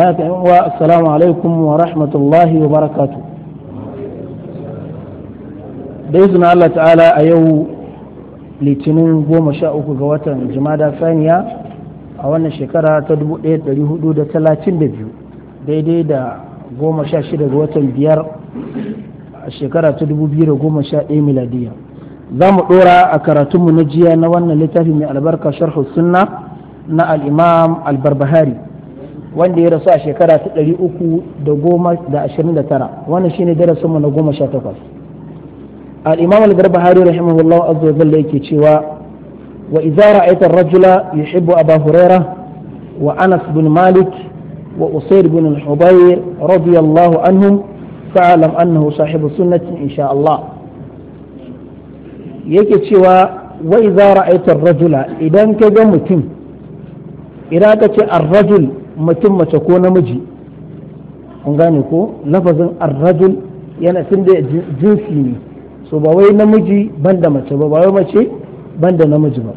بارك السلام عليكم ورحمة الله وبركاته بإذن الله تعالى أيو لتنين goma sha uku ga watan jimada saniya a wannan shekara ta 1432 daidai da goma sha shida ga watan biyar a shekara ta 2011 miladiya za mu ɗora a karatunmu na jiya na wannan littafi mai albarka sharhu sunna na al-imam al-barbahari wanda ya rasu a shekara ta ɗari uku da goma da ashirin da tara wannan shine mu na goma sha takwas al-imam al rahimahullah azza wa yake cewa wa idza ra'aita rajula yuhibbu aba huraira wa anas bin malik wa usair bin al-hudayr radiyallahu anhum fa'lam annahu sahibu sunnati insha Allah yake cewa wa idza ra'aita rajula idan ka ga mutum idan ka ce ar-rajul mutum mace ko namiji an gane ko lafazin arrajul yana sun da jinsi ne so ba wai namiji banda mace ba ba wai mace banda namiji ba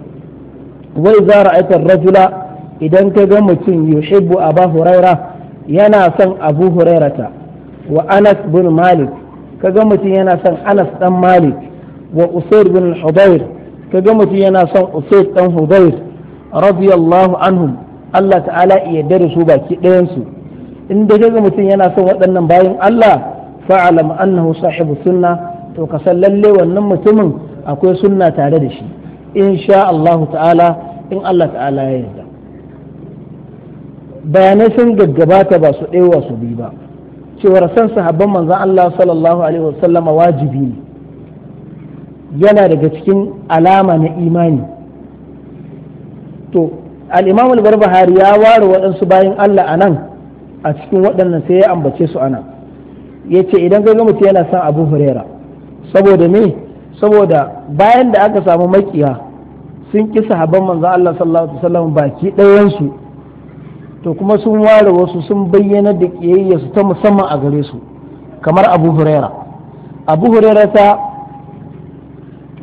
wai za ra'aita rajula idan ka ga mutum yuhibbu aba huraira yana son abu hurairata wa anas bin malik ka ga mutum yana son anas dan malik wa usair bin hudayr ka ga mutum yana son usair dan hudayr radiyallahu anhum Allah ta'ala iya dare su baki ɗayansu in da ga mutum yana son waɗannan bayan Allah fa'alam annahu sahibu sunna to ka san lalle wannan mutumin akwai sunna tare da shi insha Allah ta'ala in Allah ta'ala ya yarda bayanai sun gaggabata ba su ɗewa su bi ba cewar san sahabban manzon Allah sallallahu alaihi wasallama wajibi ne yana daga cikin alama na imani to al-imam al ya ware waɗansu bayan Allah a nan a cikin waɗannan sai ya ambace su ana ya ce idan ga mutum yana son abu hurera saboda me saboda bayan da aka samu makiya sun ki sahabban manzan Allah sallallahu alaihi wasallam baki ɗayansu to kuma sun ware wasu sun bayyana da su ta musamman a gare su kamar abu hurera abu hurera ta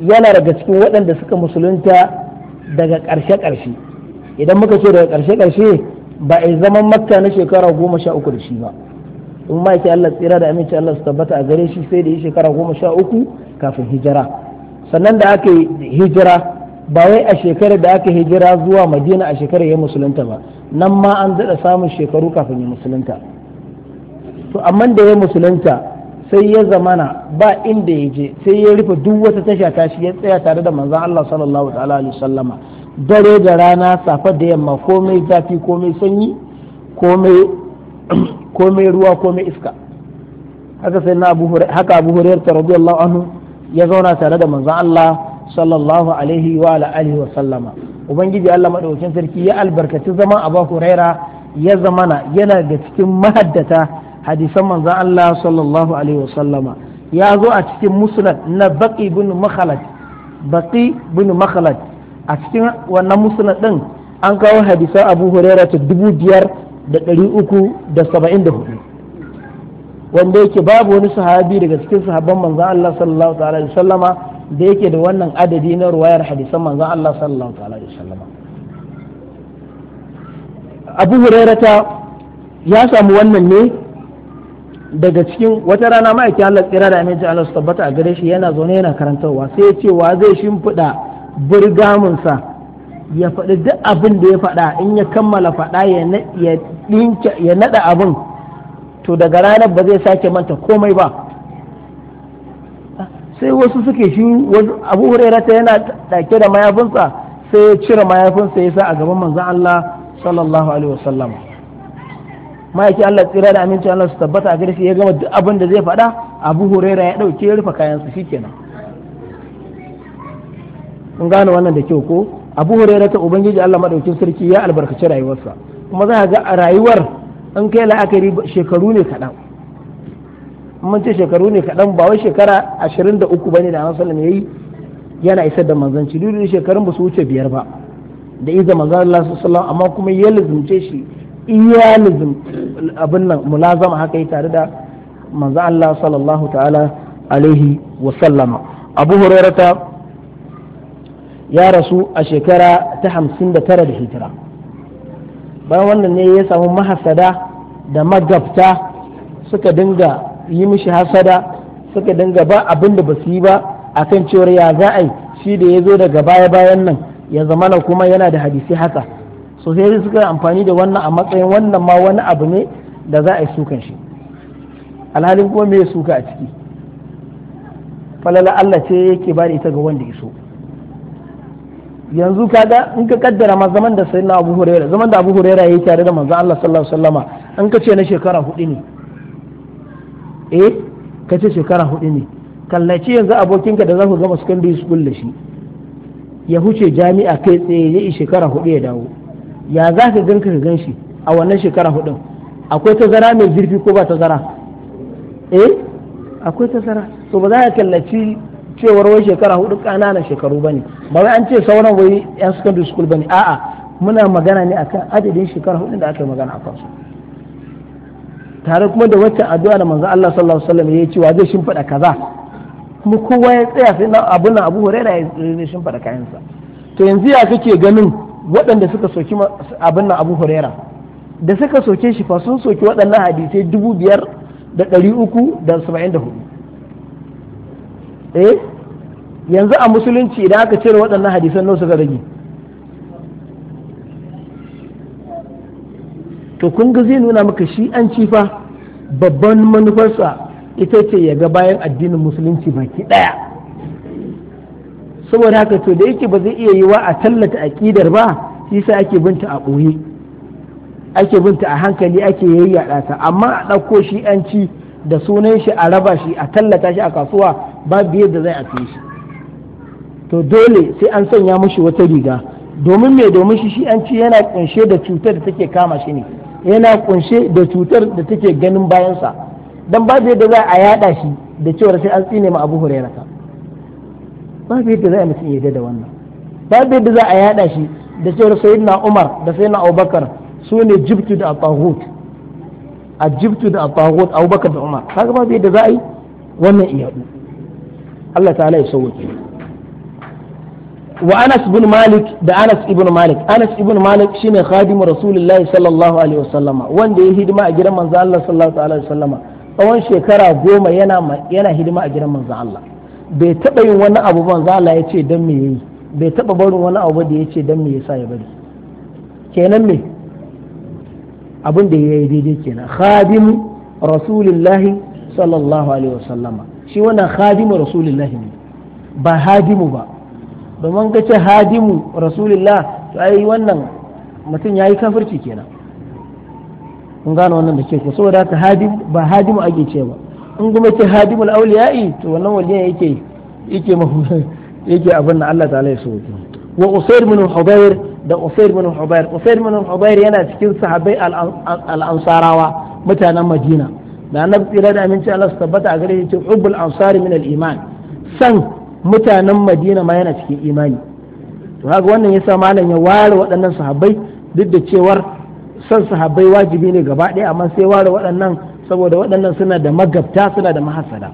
yana daga cikin waɗanda suka musulunta daga ƙarshe-ƙarshe idan muka ce daga ƙarshe ƙarshe ba a zaman makka na shekara goma sha uku da shi ba in ma yake Allah tsira da aminci Allah su tabbata a gare shi sai da yi shekara goma sha uku kafin hijira sannan da aka yi hijira ba wai a shekarar da aka hijira zuwa madina a shekarar ya musulunta ba nan ma an daɗa samun shekaru kafin ya musulunta to amma da ya musulunta sai ya zamana ba inda ya je sai ya rufe duk wata tasha tashi ya tsaya tare da manzon Allah sallallahu ta'ala alaihi sallama dare da rana safa da yamma komai zafi komai sanyi komai komai ruwa komai iska haka sai na abu haka abu hurairah radiyallahu anhu ya zauna tare da manzon Allah sallallahu alaihi wa alihi wa sallama ubangiji Allah madaukakin sarki ya albarkaci zaman abu hurairah ya zamana yana da cikin mahaddata hadisan manza Allah sallallahu alaihi wasallama ya zo a cikin musnad na baqi bin makhalat baqi bin makhalat a cikin wannan musnad din an kawo hadisan Abu Hurairah ta dubu biyar da ɗari uku da saba'in da hudu wanda yake babu wani sahabi daga cikin sahabban manzan Allah sallallahu alaihi wasallama da yake da wannan adadi na ruwayar hadisan manzan Allah sallallahu alaihi wasallama Abu ta ya samu wannan ne daga cikin wata rana ma'aiki Allah tsira da aminci Allah su tabbata a gare shi yana zaune yana karantarwa sai ya ce wa zai shimfiɗa burgamunsa ya faɗi duk abin da ya faɗa in ya kammala faɗa ya naɗa abin to daga ranar ba zai sake manta komai ba sai wasu suke shi abu hurairata yana ɗake da mayafinsa sai ya cire mayafinsa ya sa a gaban manzon Allah sallallahu alaihi wasallam ma'aiki Allah tsira da aminci Allah su tabbata a shi ya gama duk abin da zai faɗa Abu Huraira ya ɗauke ya rufe kayan su shikenan kun gane wannan da kyau ko Abu Huraira ta ubangiji Allah madaukin sarki ya albarkaci rayuwarsa kuma za ga rayuwar in kai la'akari shekaru ne kaɗan mun ce shekaru ne kaɗan ba wai shekara ashirin da uku bane da Annabi sallallahu alaihi wasallam yana isar da manzanci duk shekarun ba su wuce biyar ba da iza manzo Allah sallallahu alaihi wasallam amma kuma ya lazumce shi iya abin nan mulazama haka yi tare da manzo Allah sallallahu ta'ala alaihi wa sallama abu hurairata ya rasu a shekara ta hamsin da tara da hijira bayan wannan ne ya samu mahasada da magabta suka dinga yi mishi hasada suka dinga ba abin da ba su yi ba akan cewar ya za a shi da ya zo daga baya bayan nan ya zamana kuma yana da hadisi haka so sai suka amfani da wannan a matsayin wannan ma wani abu ne da za a yi sukan shi alhalin kuma me suka a ciki falala Allah ce yake ba ita ga wanda ya so yanzu kaga in ka kaddara ma zaman da sayyidina Abu Hurairah zaman da Abu Hurairah yake tare da manzon Allah sallallahu alaihi wasallama an ka ce na shekara hudu ne eh ka ce shekara hudu ne kallaci yanzu abokinka da za ku gama secondary su da shi ya huce jami'a kai tsaye ya yi shekara hudu ya dawo ya za ka ganka ka gan shi a wannan shekara hudun akwai tazara mai zurfi ko ba tazara eh akwai tazara to ba za ka kallaci cewar wai shekara hudu kananan shekaru bane ba wai an ce sauran wai yan secondary school bane a'a muna magana ne akan adadin shekara hudun da aka yi magana a kansu tare kuma da wacce addu'a da manzo Allah sallallahu alaihi wasallam ya cewa zai shimfida kaza kuma kowa ya tsaya sai na abun nan Abu Hurairah ya shimfida kayansa to yanzu ya kake ganin waɗanda suka soki abin nan abu huraira da suka soke shi fa sun soki waɗannan hadisai dubu biyar da ɗari uku da saba'in da hudu eh yanzu a musulunci idan aka cire waɗannan hadisan nan suka rage to kun ga zai nuna maka shi an cifa babban manufarsa ita ce ya ga bayan addinin musulunci baki ɗaya saboda haka to da yake ba zai iya yi wa a tallata aƙidar ba shi sa ake binta a ɓoye ake binta a hankali ake yayyaɗa ta amma a ɗauko shi an ci da sunan shi a raba shi a tallata shi a kasuwa ba biye da zai a shi to dole sai an sanya mushi wata riga domin me domin shi shi an ci yana kunshe da cutar da take kama shi ne yana kunshe da cutar da take ganin bayansa dan babu da za a yada shi da cewa sai an tsine ma abu hurairata babu yadda za a mutum ya da wannan babu yadda za a yada shi da cewar na Umar da na Abubakar su ne jibtu da atahut a jibtu da atahut Abubakar da Umar kaga babu yadda za a yi wannan iyadu Allah ta'ala ya sauke wa Anas ibn Malik da Anas ibn Malik Anas ibn Malik shine khadimu Rasulullahi sallallahu alaihi wasallama wanda ya hidima a gidan manzo Allah sallallahu alaihi wasallama tsawon shekara goma yana yana hidima a gidan manzo Allah bai taɓa yin wani abu ban zala ya ce don me yayi bai taɓa barin wani abu da ya ce don me yasa ya bari kenan me abin da ya yi daidai kenan khadim rasulullahi sallallahu alaihi wasallama shi wannan khadimu rasulullahi ne ba hadimu ba domin ga ce hadimu rasulillah to ai wannan mutum ya yi kafirci kenan kun gane wannan da ke ko saboda haka hadim ba hadimu ake ce ba in kuma ce hadimul auliya'i to wannan waliyan yake yake yake abin da Allah ta'ala ya so wa usair min hudair da usair min hudair usair min hudair yana cikin sahabbai al-ansarawa mutanen Madina da annabi tsira da aminci Allah su tabbata a gare shi hubul ansari min al-iman san mutanen Madina ma yana cikin imani to haka wannan yasa malam ya ware waɗannan sahabbai duk da cewar san sahabbai wajibi ne gaba ɗaya amma sai ware waɗannan saboda waɗannan suna da magabta suna da mahasada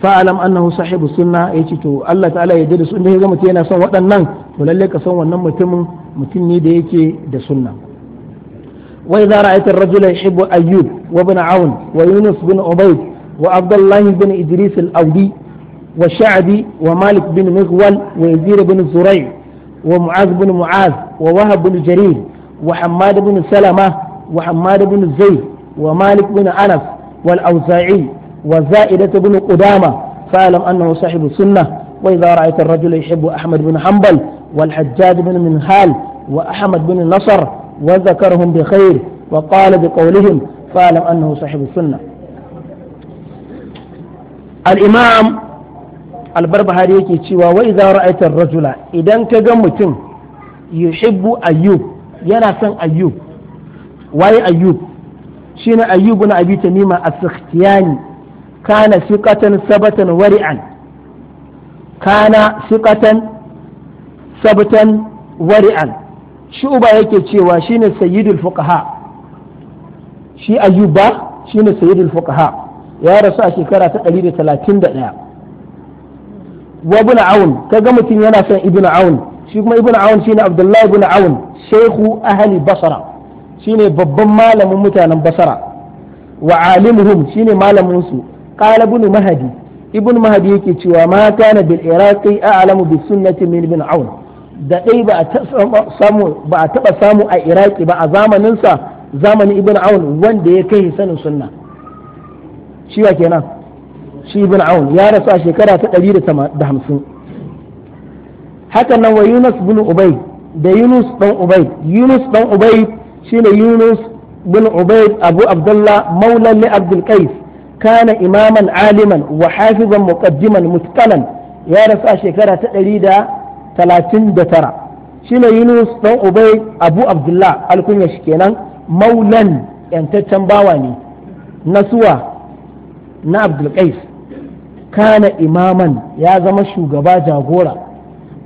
fa'alam annahu sahibu sunna yace to Allah ta'ala ya da su inda ga mutum yana son waɗannan to lalle ka san wannan mutumin mutum ne da yake da sunna wa idza ra'aita ar-rajula yuhibbu ayyub wa ibn aun wa yunus bin ubayd wa abdullah bin idris al-awdi wa sha'bi wa malik bin mughwal wa yazir bin zuray wa mu'az bin mu'az wa wahab bin jarir wa hammad bin salama wa hammad bin zayd ومالك بن أنس والأوزاعي وزائدة بن قدامة فاعلم أنه صاحب السنة وإذا رأيت الرجل يحب أحمد بن حنبل والحجاج بن منهال وأحمد بن نصر وذكرهم بخير وقال بقولهم فاعلم أنه صاحب السنة الإمام البربهاري yake cewa wa idza ra'aita ar-rajula idan ka ga mutum yuhibbu ayyub yana son ayyub waye ayyub shine ayyubu na abi tamima as-sakhtiyani kana siqatan sabatan wari'an kana siqatan sabatan wari'an shi uba yake cewa shine sayyidul fuqaha shi ayyuba shine sayyidul fuqaha ya rasu a shekara ta 131 wa ibn aun kaga mutum yana son ibn aun shi kuma ibn aun shine abdullahi ibn aun shaykhu ahli basra shine babban malamin mutanen basara wa alimuhum shine malamin su qala ibn mahdi ibn mahdi yake cewa ma kana bil iraqi a'lamu bis sunnati min ibn aun da dai ba a samu ba a taba samu a iraqi ba a zamanin sa zamanin ibn aun wanda ya kai sanin sunna shi wa kenan shi ibn aun ya rasu a shekara ta 150 hakan nan wa yunus bin ubay da yunus dan ubay yunus dan ubay shine Yunus bin Ubayd Abu Abdullah maula ne Abdul Qais kana imaman aliman wa hafizan muqaddiman mutqalan ya rasa shekara ta 139 da Yunus dan Ubayd Abu Abdullah alkunya shi kenan maulan yantaccen bawa ne nasuwa na Abdul Qais kana imaman ya zama shugaba jagora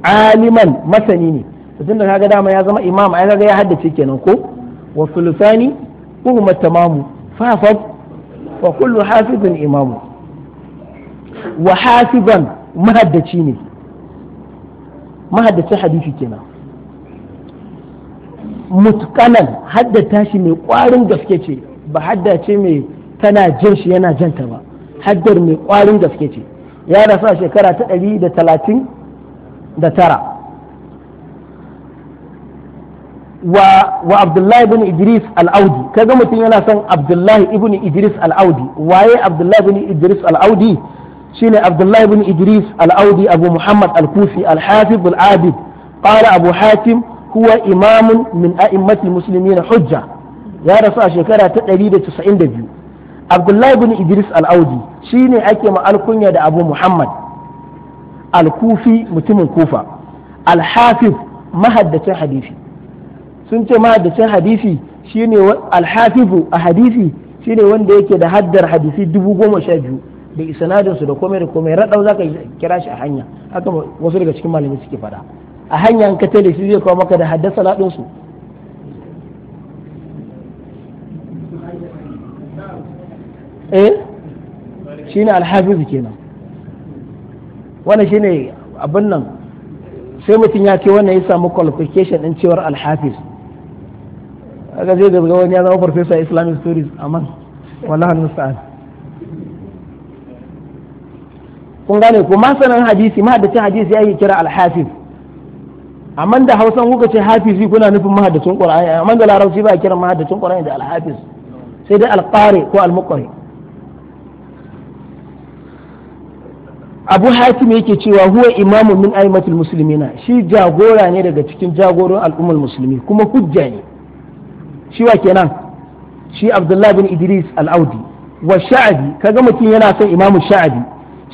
aliman masani ne tunda kaga dama ya zama imam ai kaga ya haddace kenan ko wa sulusani kuma tamamu fafab wa kullu hafizin imamu wa hafizan mahaddaci ne mahaddaci hadisi kenan mutkanan haddata shi mai kwarin gaske ce ba haddace mai tana jin shi yana janta ba haddar mai kwarin gaske ce ya rasa shekara ta ɗari da talatin da tara wa Abdullahi ibn Idris al-Audi kaga mutum yana son Abdullahi ibn Idris al-Audi waye Abdullahi ibn Idris al-Audi shine Abdullahi ibn Idris al-Audi Abu Muhammad al-Kufi al-Hafiz al-Abid qala Abu Hatim huwa imamun min a'immati muslimin hujja ya rasu a shekara ta 192 Abdullahi ibn Idris al-Audi shine ake ma alkunya da Abu Muhammad al-Kufi mutumin Kufa al-Hafiz mahaddacin hadisi sun ce mahaddacin hadisi shine alhafifu a hadisi shine wanda yake da haddar hadisi dubu goma sha biyu da isanadin su da kome da komai radau zaka kira shi a hanya haka wasu daga cikin malamai suke fada a hanya an da shi zai kawo maka da haddasa ladin su eh shine alhafizu kenan wannan shine abin nan sai mutum ya ce wannan ya samu qualification din cewar alhafifu aka zai da wani ya zama farfesa islamic stories amma wallahi sa'ad kun gane ko masanin hadisi mahaddacin hadisi ya yi kira alhafiz amma da hausan kuka ce hafizi kuna nufin mahaddacin qur'ani amma da larabci ba kira mahaddacin qur'ani da alhafiz sai dai alqari ko almuqri abu hatim yake cewa huwa imamu min aimatul muslimina shi jagora ne daga cikin jagoron al'ummar musulmi kuma hujja ne shi kenan shi abdullahi bin idris al-audi wa sha'abi kaga mutum yana son imamu sha'abi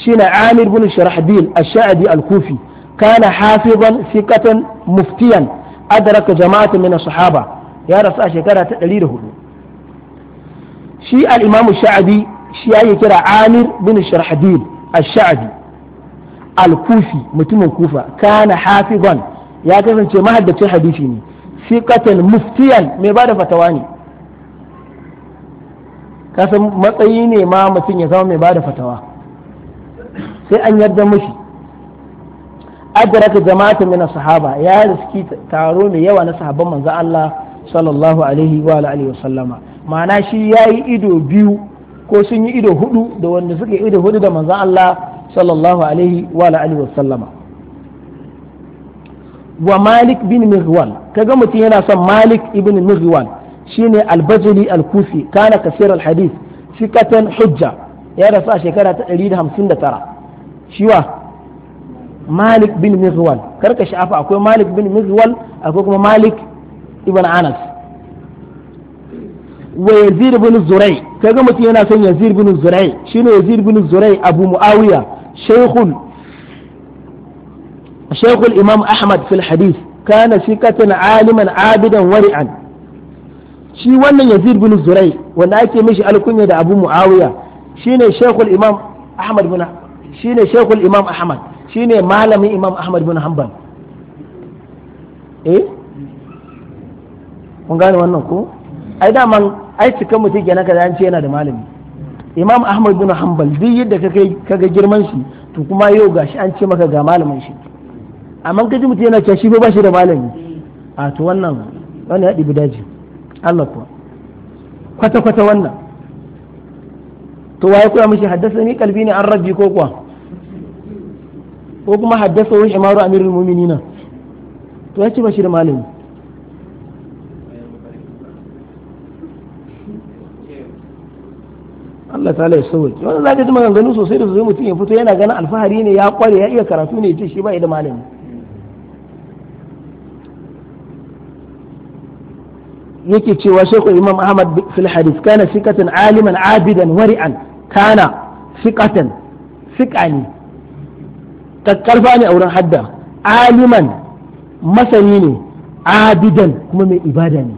shine amir bin sharahbil ash-sha'abi al-kufi kana hafizan thiqatan muftiyan adraka jama'atan min sahaba ya rasu a shekara ta 104 shi al-imamu sha'abi shi yake kira amir bin sharahbil ash-sha'abi al-kufi mutumin kufa kana hafizan ya kasance mahaddacin hadisi ne fiqatan muftiyan mai ba da fatawa ne kasan matsayi ne ma mutum ya zama mai ba da fatawa sai an yarda mushi adraka jama'atu min sahaba ya riski taro mai yawa na sahabban manzo Allah sallallahu alaihi wa alihi wa ma'ana shi yayi ido biyu ko sun yi ido hudu da wanda suka yi ido hudu da manzo Allah sallallahu alaihi wa alihi wa wa malik bin mirwal kaga mutum yana son malik ibn mirwal shine albajali alkufi kana kasir alhadith fikatan hujja ya rasu a shekara ta 159 shiwa malik bin mirwal karka sha'afa akwai malik bin mirwal akwai kuma malik ibn anas wa yazir bin zurai kaga mutum yana son yazir bin zurai shine yazir bin zurai abu muawiya shaykhul الشيخ الإمام أحمد في الحديث كان ثقة عالما عابدا ورعا shi wannan yazid bin zurai wanda ake mishi alkunya da أبو معاوية شيني شيخ الإمام أحمد بن shine shekul imam ahmad shine malamin imam ahmad bin hanbal eh kun gane wannan ko ai daman ai cikin mutum ke kaza an ce yana da malami imam ahmad bin hanbal duk yadda ka ga girman shi to kuma yau gashi an ce maka ga malamin shi amma ji mutum yana cewa shi ba shi da malami a to wannan wani haɗi ɗibi Allah kuwa kwata kwata wannan to waye koya mishi haddasa ni kalbi ne an rabbi ko kuwa ko kuma haddasa wani imaru amirul mu'minina to ya ce ba shi da malami Allah ta'ala ya sauwa wani zaka ji maganganu sosai da sosai mutum ya fito yana ganin alfahari ne ya kware ya iya karatu ne ya ce shi ba da malami yake cewa shaikhu imam ahmad fil hadith kana sikatan aliman abidan wari'an kana sikatan sikani kakkalfa ne a wurin hadda aliman masani ne abidan kuma mai ibada ne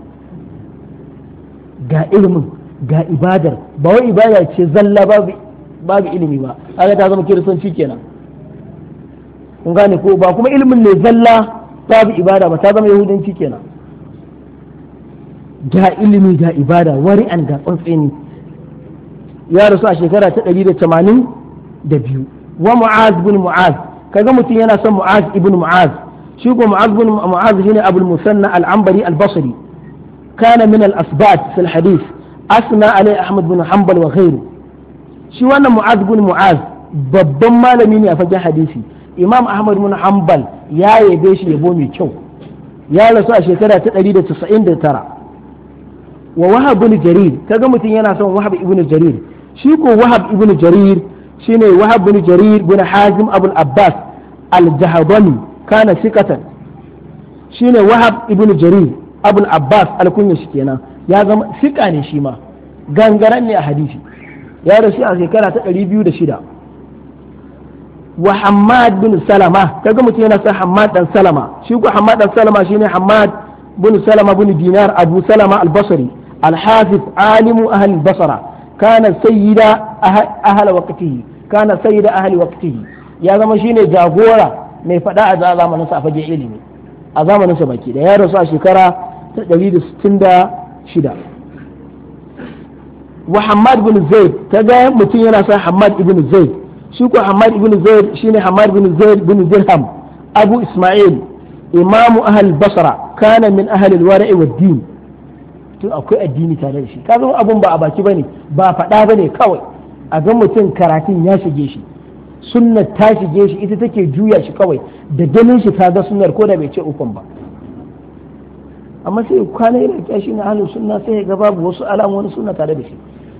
ga ilimin ga ibadar ba wai ibada ce zalla babu babu ilimi ba kaga ta zama kiristanci kenan kun gane ko ba kuma ilimin ne zalla babu ibada ba ta zama yahudanci kenan ga ilimi ga ibada wari an ga tsantseni ya rasu a shekara ta 182 wa mu'az bin mu'az kaga mutum yana son mu'az ibn mu'az shi ko mu'az bin mu'az shine abul musanna al-anbari al-basri kana min al-asbat fil hadith asna alai ahmad bin hanbal wa ghayru shi wannan mu'az bin mu'az babban malami ne a fagen hadisi imam ahmad bin hanbal ya yabe shi yabo mai kyau ya rasu a shekara ta 199 wa wahab ibn jarir kaga mutum yana son wahab ibn jarir shi ko wahab ibn jarir shine wahab ibn jarir ibn hazim abul abbas al jahabani kana sikatan shine wahab ibn jarir abul abbas al-kunya shikenan ya zama sika ne shi ma gangaren ne a hadisi ya rasu a shekara ta 206 wa Hamad bin Salama kaga mutum yana son Hamad dan Salama shi ko Hamad dan Salama shine Hamad bin Salama bin Dinar Abu Salama al الحافظ عالم أهل البصرة كان سيد أهل وقته كان سيد أهل وقته يا زما شيني mai faɗa a za zamanin sa a fage ilimi a zamanin sa baki da ya rasu a shekara ta 166 wa Hamad ibn Zaid ta ga mutum yana sa Hamad ibn Zaid shi ko Hamad ibn Zaid shine Hamad ibn Zaid ibn Dirham Abu Ismail imamu ahal Basra kana min ahli al-wara'i wad-din to akwai addini tare da shi ka zama abun ba a baki bane ba faɗa bane kawai a ga mutum karatun ya shige shi sunnar ta shige shi ita take juya shi kawai da ganin shi ta ga sunnar ko da bai ce ukun ba amma sai kwana yana kyashi na ahlus sunna sai ga babu wasu alamomin sunna tare da shi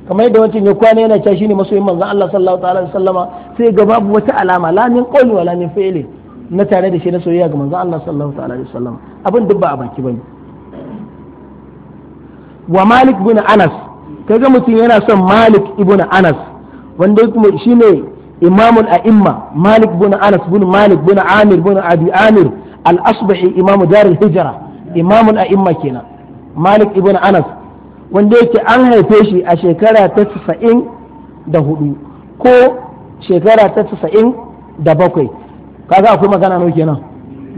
kamar yadda wancan ya kwana yana kyashi ne masoyin manzon Allah sallallahu ta'ala alaihi wasallama sai ga babu wata alama la min qawli wala min fi'li na tare da shi na soyayya ga manzon Allah sallallahu ta'ala alaihi wasallama abin duk ba a baki bane wa malik ibn anas kaga mutum yana son malik ibn anas wanda kuma shine imamul a'imma malik ibn anas ibn malik ibn amir ibn abi amir al-asbahi imamu dar al-hijra imamul a'imma kenan malik ibn anas wanda yake an haife shi a shekara ta 94 ko shekara ta 97 kaga akwai magana nawa kenan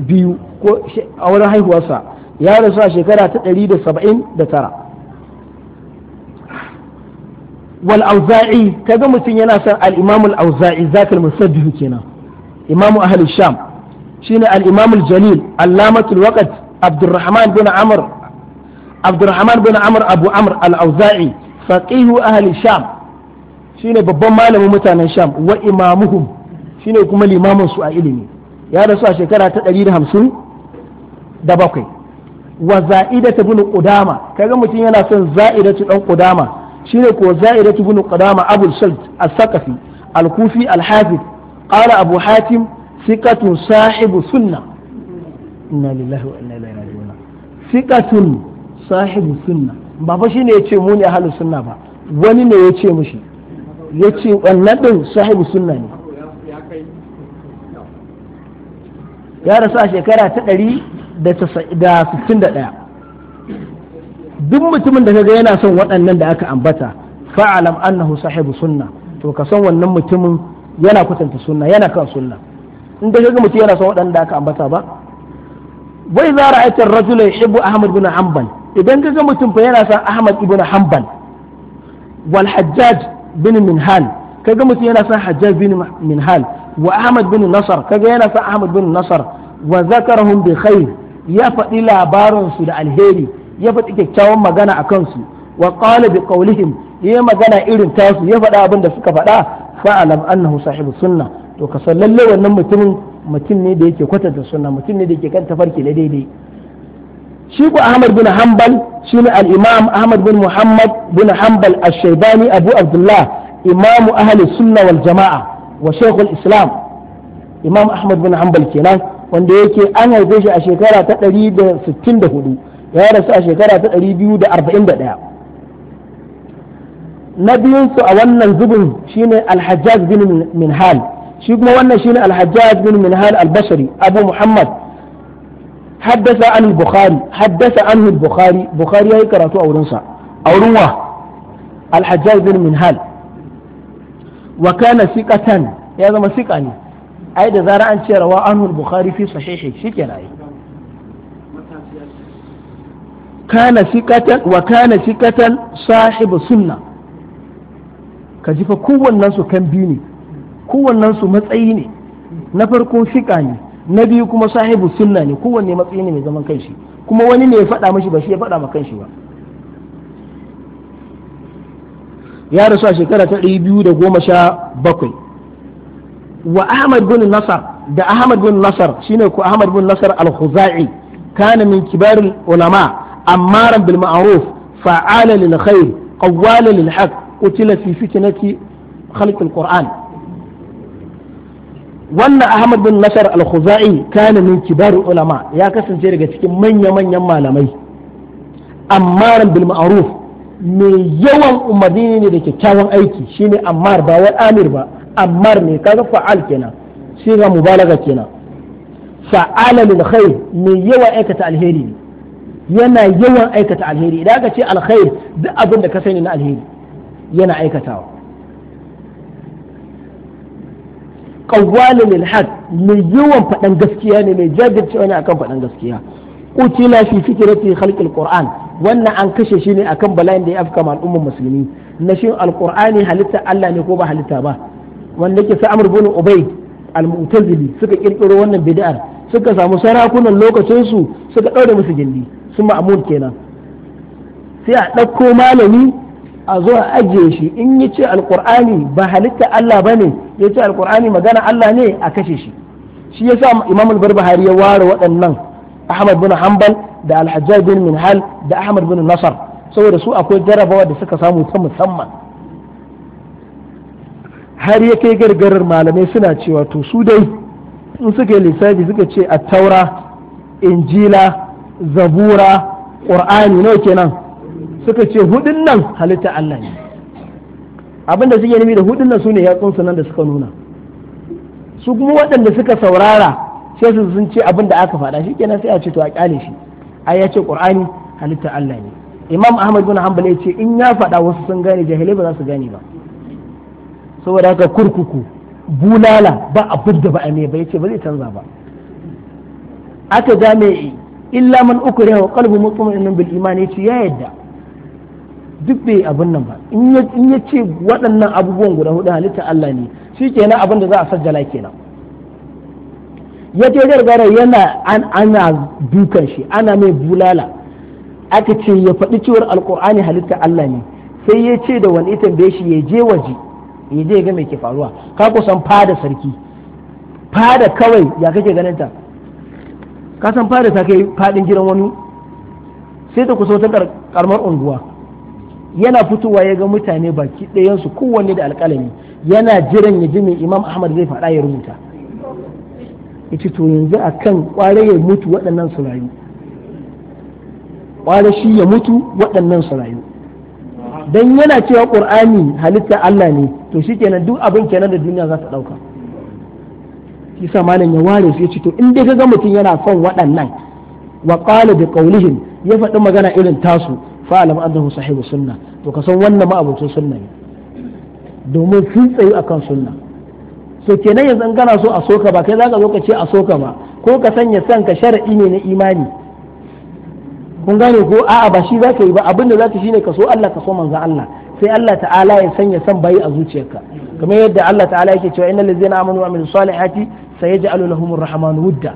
biyu ko a wurin haihuwarsa ya rasu a shekara ta 179 wal auza'i kaga mutum yana son al imam al auza'i zakal musaddih kenan imam ahli sham shine al imam jalil allamatul waqt abdurrahman bin amr abdurrahman abu amr al auza'i faqihu ahli sham shine babban malamin mutanen sham wa imamuhum shine kuma limamin su a ilimi ya rasu a shekara ta ɗari da bakwai wa za'idatu ƙudama, qudama kaga mutum yana son za'idatu ɗan ƙudama. shine ko za'idatu ibn qadama abu salt as-saqafi al-kufi al-hafiz qala abu hatim thiqatun sahibu sunnah inna lillahi wa inna ilaihi raji'un thiqatun sahibu sunnah ba fa yace mu sunna ba wani ne yace mushi yace wannan din sahibu sunna ne ya rasu a shekara ta ɗari da sittin da ɗaya duk mutumin da kaga yana son waɗannan da aka ambata fa'alam annahu sahibu sunna to ka san wannan mutumin yana kwatanta sunna yana kan sunna in da kaga mutum yana son waɗannan da aka ambata ba wai za ra'ayta ar-rajula yuhibbu ahmad ibn hanbal idan kaga mutum fa yana son ahmad ibn hanbal wal hajjaj bin minhal kaga mutum yana son hajjaj bin minhal wa ahmad bin nasar kaga yana son ahmad bin nasar wa zakarahum bi khair ya faɗi labarinsu da alheri ya faɗi kyakkyawan magana a kansu wa qala bi ya yi magana irin tasu ya faɗa abin da suka faɗa fa'alam annahu sahibu sunna to ka san lalle wannan mutumin mutum ne da yake kwatanta sunna mutum ne da yake kan tafarki na daidai shi ku Ahmad bin Hanbal shi ne al-Imam Ahmad bin Muhammad bin Hanbal al-Shaybani Abu Abdullah Imam ahli sunna wal jama'a wa Sheikhul Islam Imam Ahmad bin Hanbal kenan wanda yake an haife shi a shekara ta 164 ya rasu a shekara ta 241 na biyunsu a wannan zubin shine alhajjaj bin minhal shi kuma wannan shine alhajjaj bin minhal albashari abu muhammad haddasa an bukhari haddasa an bukhari bukhari yayi karatu a wurinsa a wurin wa alhajjaj bin minhal wa kana siqatan ya zama siqa ne ai da zara an ce rawa anhu bukhari fi sahihi shikenan ai kana sikatan wa kana sikatan sahibu sunna ka jifa fa kowannen su kan biyu ne kowannen su matsayi ne na farko sika ne na biyu kuma sahibu sunna ne kowanne matsayi ne mai zaman kanshi kuma wani ne ya faɗa mashi ba shi ya faɗa ma kanshi ba ya rasu a shekara ta ɗari biyu da goma sha bakwai wa ahmad bin nasar da ahmad bin nasar shine ko ahmad bin nasar al-khuzai kana min kibarul ulama عمارا بالمعروف فعالا للخير قوالا للحق قتل في فتنة خلق القرآن wannan ahmad bin nasar al-khuzai kana min ulama ya kasance daga cikin manya manyan malamai ammar bil ma'ruf mai yawan umarni ne da kyakkyawan aiki shine ammar ba wai amir ba ammar ne kaga fa'al kenan shi ga mubalaga kenan fa'ala lil khair mai yawan aikata alheri ne yana yawan aikata alheri idan aka ce alkhair duk abin da ka sani na alheri yana aikatawa qawwalul haq mai yawan faɗan gaskiya ne mai jajirce wani akan faɗan gaskiya utila fi fikrati khalqil qur'an wannan an kashe shi ne akan bala'in da ya afka al'ummar musulmi na shin alƙur'ani halitta Allah ne ko ba halitta ba wanda ke sa amr bin ubay al-mu'tazili suka kirkiro wannan bid'ar suka samu sarakunan lokacin su suka daure musu gindi su ma'amun kenan sai a ɗauko malami a zo a ajiye shi in yi ce alƙur'ani ba halitta Allah ba ne ya ce alƙur'ani magana Allah ne a kashe shi shi ya sa imam al-barbahari ya ware waɗannan ahmad bin hanbal da al bin minhal da ahmad bin nasar saboda su akwai jarabawa da suka samu ta musamman har ya kai gargarar malamai suna cewa to su dai in suka yi lissafi suka ce a taura injila zabura ƙur'ani nawa kenan suka ce hudun nan halitta Allah ne abinda suke nufi da hudun nan sune yatsun nan da suka nuna su kuma waɗanda suka saurara sai su sun ce abin da aka faɗa shi kenan sai a ce to a kyale shi ai ya ce qur'ani halitta Allah ne imam ahmad bin hanbal ya ce in ya faɗa wasu sun gane jahilai ba za su gane ba saboda haka kurkuku bulala ba abin ba a ne ba ya ce ba zai canza ba aka ja mai illa man ukriha wa qalbu mutma'innun bil iman yace ya yadda duk bai abin nan ba in ya ce waɗannan abubuwan guda hudu halitta Allah ne shi kenan abin da za a sajjala kenan ya je gargara yana ana dukan shi ana mai bulala aka ce ya faɗi cewar alkur'ani halitta Allah ne sai ya ce da wani itan bai shi ya je waje ya je ga mai ke faruwa ka kusan fada sarki fada kawai ya kake ganin ta ka san fada ta kai fadin gidan wani sai ta kusa wata karamar unguwa yana fitowa ya ga mutane baki ɗayansu kowanne da alƙalami yana jiran ya ji mai imam ahmad zai faɗa ya rubuta Ita to yanzu a kan ƙware ya mutu waɗannan su rayu ƙware shi ya mutu waɗannan su rayu dan yana cewa ƙur'ani halitta Allah ne to shi kenan duk abin kenan da duniya za ta ɗauka yasa malam ya ware su ya ce to in dai ga mutum yana son waɗannan wa qala bi qawlihim ya faɗi magana irin tasu fa alam annahu sahibu sunna to ka san wannan ma abocin sunna ne domin sun tsayu akan sunna so kenan yanzu an gana so a soka ba kai zaka zo ka ce a soka ba ko ka sanya sanka shar'i ne na imani kun gane ko a'a ba shi zaka yi ba abinda zaka shine ka so Allah ka so manzo Allah sai Allah ta'ala ya sanya san bayi a zuciyarka kamar yadda Allah ta'ala yake cewa innal ladzina amanu wa amilus salihati سيجعل لهم الرحمن ودا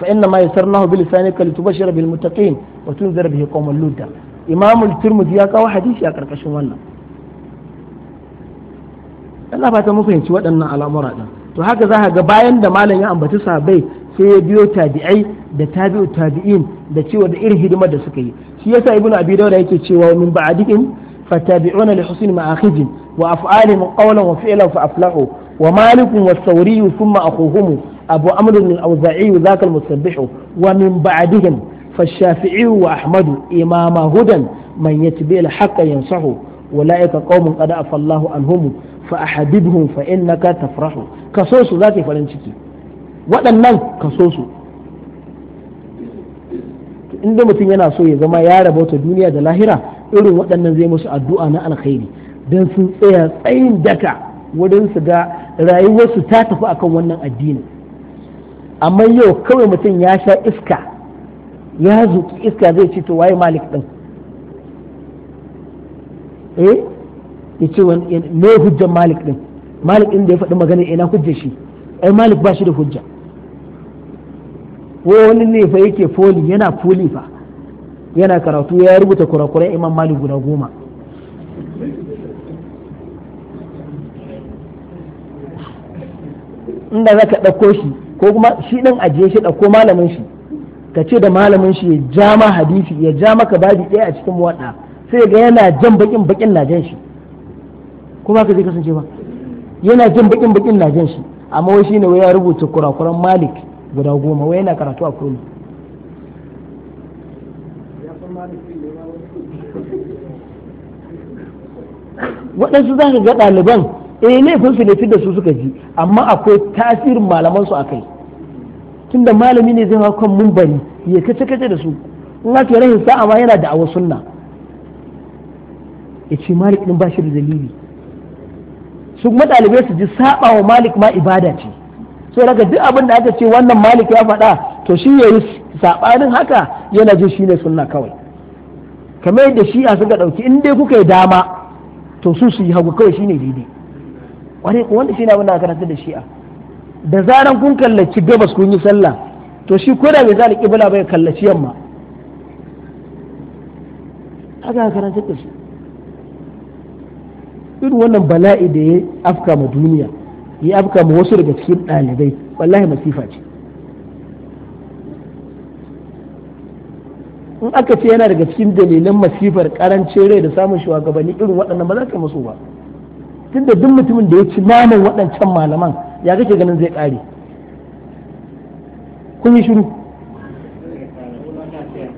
فإنما يسرناه بلسانك لتبشر بالمتقين وتنذر به قوم اللودا إمام الترمذي ya kawo حديث يا كركشن wannan Allah ba ta mu fahimci waɗannan al'amura ɗin to haka za a ga bayan da malam ya ambaci sahabbai sai ya biyo tabi'ai da tabi'u tabi'in da cewa da iri hidimar da suka yi shi yasa ibnu abi dawud yake cewa min ba'dikin fatabi'una li husn ma'akhijin wa af'alihim qawlan wa fi'lan fa aflahu wa malikun wa sauriyu thumma akhuhum abu amr al auza'i zaka al musabbih wa min ba'dihim فالشافعي وأحمد إمام هدى من يتبع الحق ينصحه أولئك قوم قد عفى الله عنهم فأحببهم فإنك تفرح كسوس ذاتي فلنشكي waɗannan kaso su inda mutum yana so ya zama ya rabauta duniya da lahira irin waɗannan zai musu addu'a na alkhairi don sun tsaya tsayin daka wurin su ga rayuwarsu ta tafi akan wannan addini amma yau kawai mutum ya sha iska ya zuki iska zai ce to waye malik din eh ya ce me hujjar malik din malik din da ya faɗi magana ina hujja shi ai malik ba shi da hujja ko wani ne fa yake foli yana foli fa yana karatu ya rubuta kurakurai imam malik guda goma inda za ka ɗauko shi ko kuma shi ɗin ajiye shi ɗauko malamin shi ka ce da malamin shi ya ja ma hadisi ya ja maka babi ɗaya a cikin waɗa sai ga yana jan bakin bakin na jan shi ko ba ka zai kasance ba yana jan bakin bakin na jan shi amma wai shine wai ya rubuta kurakuran malik guda goma wai yana karatu a kullum waɗansu za ka ga ɗaliban eh kun su ne da su suka ji amma akwai tasirin malaman su akai tunda malami ne zai hakan mun bari ya kace kace da su in ake rahin sa'a ma yana da'awar sunna ya ce malik din ba shi da dalili su kuma ɗalibai su ji saba wa malik ma ibada ce so daga duk abin da aka ce wannan malik ya faɗa to shi yayi sabanin haka yana jin ne sunna kawai kamar yadda shi shi'a suka ɗauki in dai kuka yi dama to su su yi hagu kawai shine daidai wani ko wanda ne abin da karanta da shi'a da zaran kun kallaci gabas kun yi sallah to shi ko da bai zali kibla bai kallaci yamma haka karanta da shi irin wannan bala'i da ya afka ma duniya ya afka ma wasu daga cikin ɗalibai wallahi masifa ce in aka ce yana daga cikin dalilan masifar karancin rai da samun shugabanni irin waɗannan ba za ka maso ba tunda duk mutumin da ya ci naman waɗancan malaman ya kake ganin zai ƙare kun yi shiru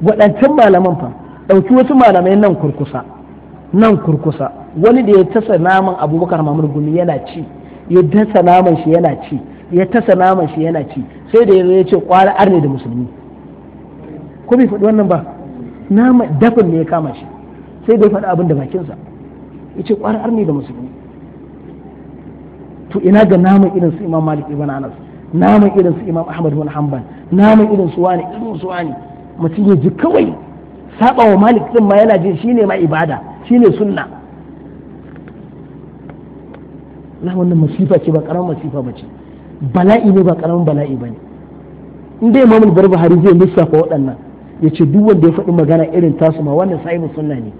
waɗancan malaman fa ɗauki wasu malamai nan kurkusa nan kurkusa wani da ya tasa naman abubakar mamur gumi yana ci ya tasa naman shi yana ci ya tasa naman shi yana ci sai da ya ce kwara arne da musulmi ko bai faɗi wannan ba nama dafin ne ya kama shi sai da ya faɗi abin da bakinsa ya ce kwara arne da musulmi to ina ga namun irin su imam malik ibn anas namun irin su imam ahmad ibn hanbal namun irin su wani irin su wani mutum ya ji kawai saba wa malik din ma yana jin shine ma ibada shine sunna la wannan masifa ce ba karamin masifa ba ce bala'i ne ba karamin bala'i ba ne in dai imamul barbahari zai lissafa waɗannan ya ce duk wanda ya faɗi magana irin tasu ma wannan sahibu sunna ne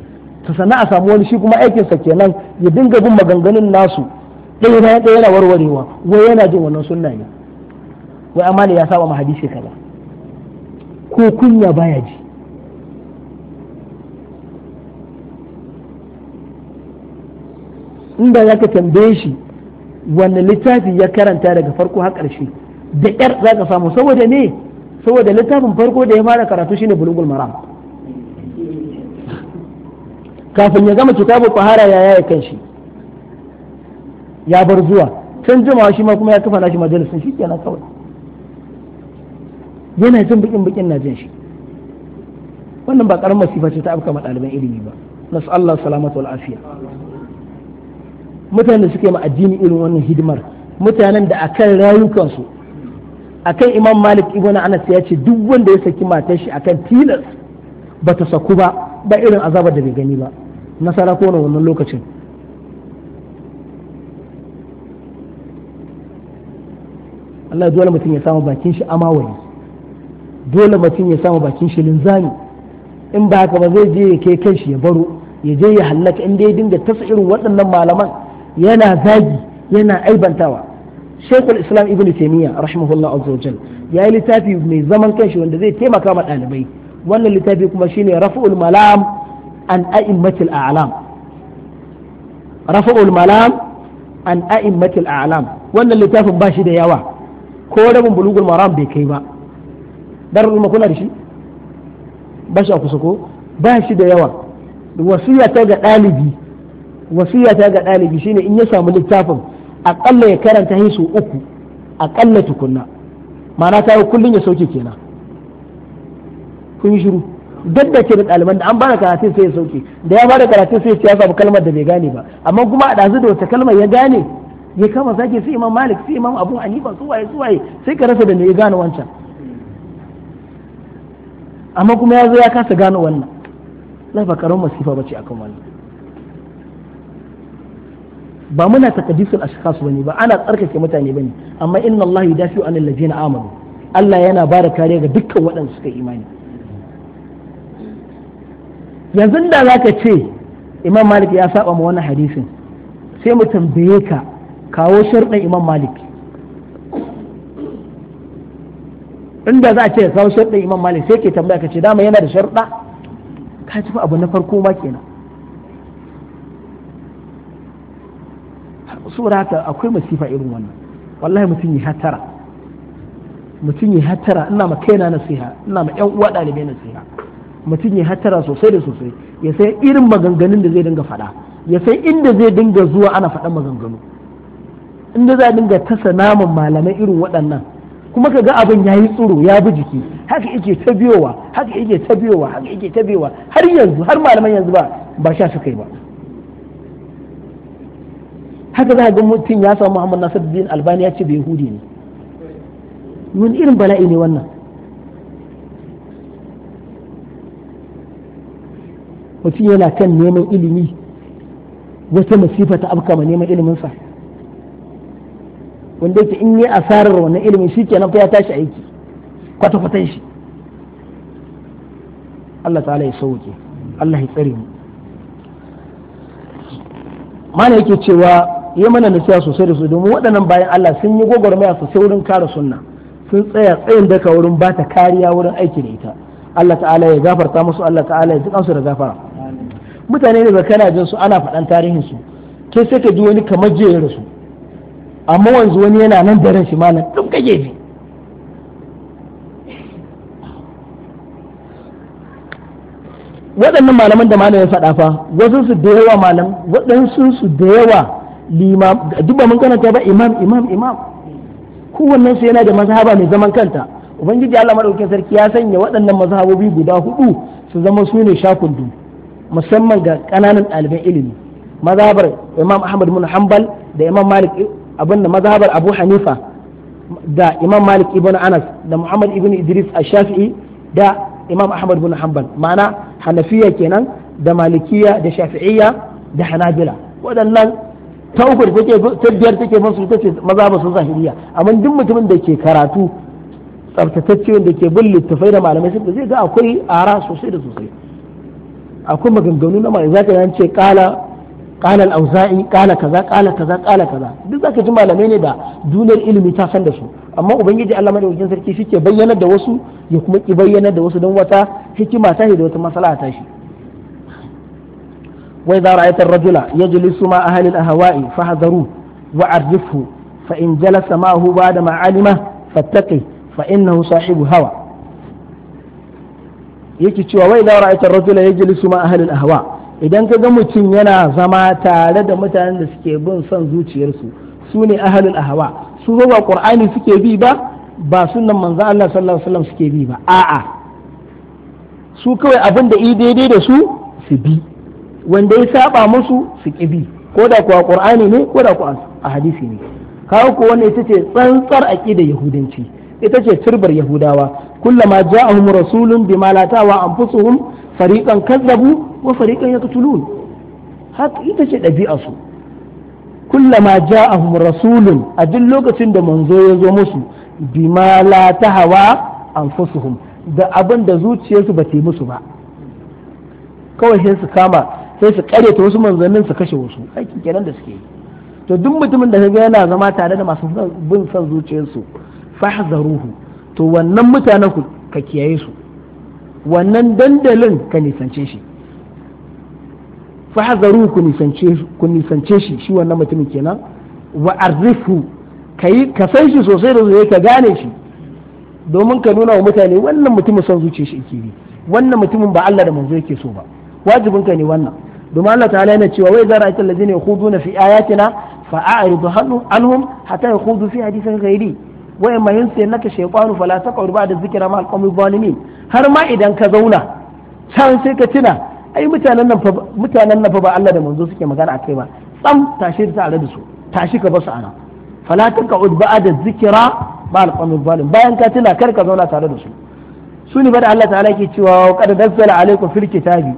ta sana'a a samu wani shi kuma aikinsa kenan ya dinga bin maganganun nasu ɗaya bayan ɗaya yana warwarewa wai yana jin wannan sunna ne wai amma ne ya saba ma shekara ko kunya baya ji inda za ka tambaye shi wanne littafi ya karanta daga farko har ƙarshe da ƙyar za ka samu saboda ne saboda littafin farko da ya fara karatu shine bulugul maram kafin ya gama kitabu kwahara ya yaya kan shi ya bar zuwa can jimawa shi ma kuma ya kafa nashi majalisin shi kenan kawai yana jin bikin bikin na jin shi wannan ba karamar masifa ce ta afka ma ɗaliban ilimi ba nasu Allah salamatu wal afiya mutanen da suke ma addini irin wannan hidimar mutanen da akan rayukansu akan imam malik ibn anas ya ce duk wanda ya saki matar shi akan tilas ba ta saku ba ba irin azabar da bai gani ba nasara ko wannan lokacin Allah dole mutum ya samu bakin shi amawali dole mutum ya samu bakin shi linzami in ba haka ba zai je ya kai kanshi ya baro ya je ya hallaka in dai dinga tasa irin waɗannan malaman yana zagi yana aibantawa shekul islam ibn taimiyya rahimahullah azza ya yi littafi mai zaman kanshi wanda zai taimaka ma ɗalibai wannan littafi kuma shine rafu'ul malam an a'immatil a'lam rafu'ul malam an a'immatil a'lam wannan littafin ba shi da yawa ko rabin bulugul maram bai kai ba darul ma kuna da shi ba shi a kusa ko ba shi da yawa wasiya ta ga ɗalibi wasiya ta ga ɗalibi shine in ya samu littafin aƙalla ya karanta hisu uku aƙalla tukunna ma'ana ta yi kullum ya sauke kenan kun yi shiru duk da ke da ɗaliban da an bada karatun sai ya sauke da ya bada karatun sai ya samu kalmar da bai gane ba amma kuma a ɗazu da wata kalmar ya gane ya kama sake sai imam malik sai imam abu anifa su waye su waye sai ka rasa da mai ya gane wancan amma kuma ya zo ya kasa gano wannan lafa karon masifa bace akan wannan ba muna takadisul ashkhas bane ba ana tsarkake mutane bane amma inna Allah yudafi anil ladina amanu Allah yana ba da kariya ga dukkan waɗanda suka imani yanzu da za ka ce Imam Malik ya saba ma wannan hadisin sai mu tambaye ka kawo sharɗin imam malik inda za a ce kawo sharɗin imam malik sai ke tambaya ka ce dama yana da sharɗa ka ci abu na farko ma kenan saboda haka akwai masifa irin wannan wallahi mutum ya hatara mutum ya hatara ina ma kaina nasiha ina ma yan uwa ɗalibai nasiha mutum ya hatara sosai da sosai ya san irin maganganun da zai dinga faɗa ya san inda zai dinga zuwa ana faɗan maganganu inda za a dinga tasa naman malamai irin waɗannan kuma ka ga abin ya yi tsiro ya bi jiki haka yake ta biyowa haka yake ta biyowa haka yake ta biyowa har yanzu har malaman yanzu ba ba sha su kai ba haka za a ga mutum ya samu Muhammad Nasiruddin Albani ya ce bai hudi ne mun irin bala'i ne wannan mutum yana kan neman ilimi wata masifa ta abka ma neman iliminsa wanda yake in yi asarar wannan ilimin shi kenan fa ya tashi aiki kwata kwata shi Allah ta'ala ya sauke Allah ya tsare mu mana yake cewa yi mana nasiha sosai da su domin waɗannan bayan Allah sun yi gwagwarmaya sosai wurin kare sunna sun tsaya tsayin daka wurin ba ta kariya wurin aiki da ita Allah ta'ala ya gafarta masu Allah ta'ala ya dukansu da gafara mutane da kana jin su ana faɗan tarihin su kai sai ka ji wani kamar jiyar su amma wanzu wani yana nan daren shi malam duk kake ji waɗannan malaman da malam ya faɗa fa wasu su da yawa malam waɗansu su da yawa limam duk ba mun karanta ba imam imam imam kowannen su yana da mazhaba mai zaman kanta ubangiji Allah madaukakin sarki ya sanya waɗannan mazhabobi guda hudu su zama su ne shakundu musamman ga ƙananan ɗaliban ilimi mazhabar imam ahmad bin hanbal da imam malik abin da mazhabar abu hanifa da imam malik ibn anas da muhammad ibn idris Al shafii da imam ahmad ibn hanbal ma'ana hanafiya kenan da malikiya da shafi'iyya da hanabila waɗannan taukar uku take ta take bin su ce maza zahiriya amma duk mutumin da ke karatu tsaftatacce da ke bin littafai da malamai sun zai ga akwai ara sosai da sosai akwai maganganu na malamai zaka yan ce kala قال الأوزاعي قال كذا قال كذا قال كذا duk zaka ji malamai ne da duniyar ilimi ta san da su amma ubangiji Allah madaukakin sarki shike bayyana da wasu ya kuma ki bayyana da wasu don wata hikima ta da wata maslaha ta shi wa idza ra'aita ar-rajula yajlisu ma ahli al-ahwa'i fahdharu wa arjifhu fa in jalasa ma'ahu ba'da ma alima fa hawa ra'aita ma idan ka ga mutum yana zama tare da mutanen da suke bin son zuciyarsu su ne ahalul ahawa su zo ba qur'ani suke bi ba ba sunan manzo Allah sallallahu alaihi wasallam suke bi ba a'a su kawai abin da daidai da su su bi wanda ya saba musu su ki bi ko da kuwa qur'ani ne ko da kuwa a hadisi ne kawo ko wannan ita ce tsantsar aqida yahudanci ita ce turbar yahudawa kullama ja'ahum rasulun bima la tawa anfusuhum fariƙan kazzabu wa ya yaqtulun haka ita ce ɗabi'a su kullama ja'ahum rasulun a duk lokacin da manzo ya zo musu bima la ta tahawa anfusuhum da abin da zuciyarsu ba ta musu ba kawai sai su kama sai su ta wasu manzannin su kashe wasu aiki kenan da suke to duk mutumin da kaga yana zama tare da masu bin son zuciyarsu fahzaruhu to wannan mutanen ku ka kiyaye su wannan dandalin ka nisance shi fahazaru ku nisance shi shi wannan mutumin kenan wa arzifu ka san shi sosai da sosai ka gane shi domin ka nuna wa mutane wannan mutumin son zuciya shi yake bi wannan mutumin ba Allah da manzo yake so ba wajibin ka ne wannan domin Allah ta'ala yana cewa wai zara aikal ladina yakhuduna fi ayatina fa a'ridu anhum hatta yakhudu fi hadisan ghairi wa in mahinsu naka shaytanu fala taqur ba da zikira ma alqawmi zalimin har ma idan ka zauna can sai ka tuna ai mutanen nan fa mutanen nan fa ba Allah da manzo suke magana akai ba tsam tashi ta tare da su tashi ka basu ana fala ba da zikira ma alqawmi zalim bayan ka tuna kar ka zauna tare da su su ne ba da Allah ta'ala ke cewa qad nazzala alaikum fil kitabi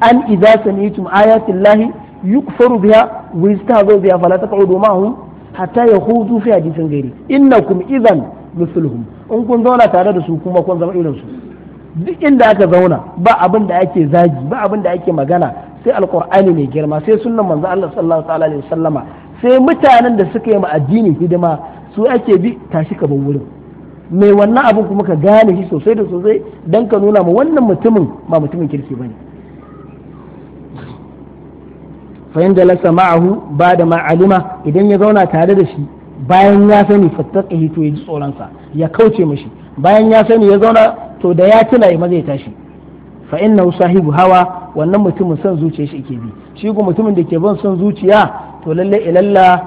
an idza sami'tum ayati llahi yukfaru biha wa yastahzu biha fala taq'udu ma'hum hatta ya hutu fi hadisin gairi kum idan misluhum in kun zauna tare da su kuma kun zama irin su duk inda aka zauna ba abin da ake zagi ba abin da ake magana sai alqur'ani mai girma sai sunnan manzo Allah sallallahu alaihi wasallama sai mutanen da suka yi ma addini hidima su ake bi tashi ka wurin mai wannan abin kuma ka gane shi sosai da sosai dan ka nuna ma wannan mutumin ba mutumin kirki bane fayin da lasa ma'ahu da ma alima idan ya zauna tare da shi bayan ya sani fattaqihi to ya ji tsoronsa ya kauce mashi bayan ya sani ya zauna to da ya tuna ya zai tashi fa innahu sahibu hawa wannan mutumin son zuciya shi ke bi shi ko mutumin da ke bin son zuciya to lalle ilalla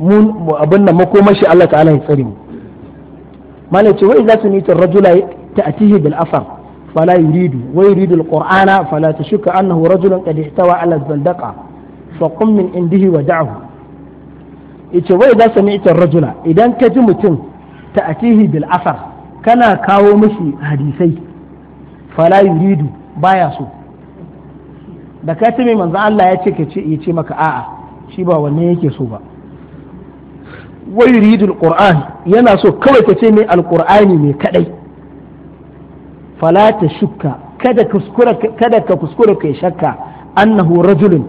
mun abin nan makomashi Allah ta'ala ya tsare mu malai ce za su ta rajula ta'tihi bil afar فلا يريد ويريد القرآن فلا تشك أنه رجل قد احتوى على الزندقة فقم من عنده ودعه wai za su rajula idan ka ji mutum ta atihi bil asar kana kawo mishi hadisai fala yuridu baya so da ka ce mai manzo Allah ya ce ka maka a'a shi ba wanne yake so ba wai yuridul qur'an yana so kawai ka ce mai alkur'ani ne kadai fala ta shukka kada ka kuskura kai shakka annahu rajulun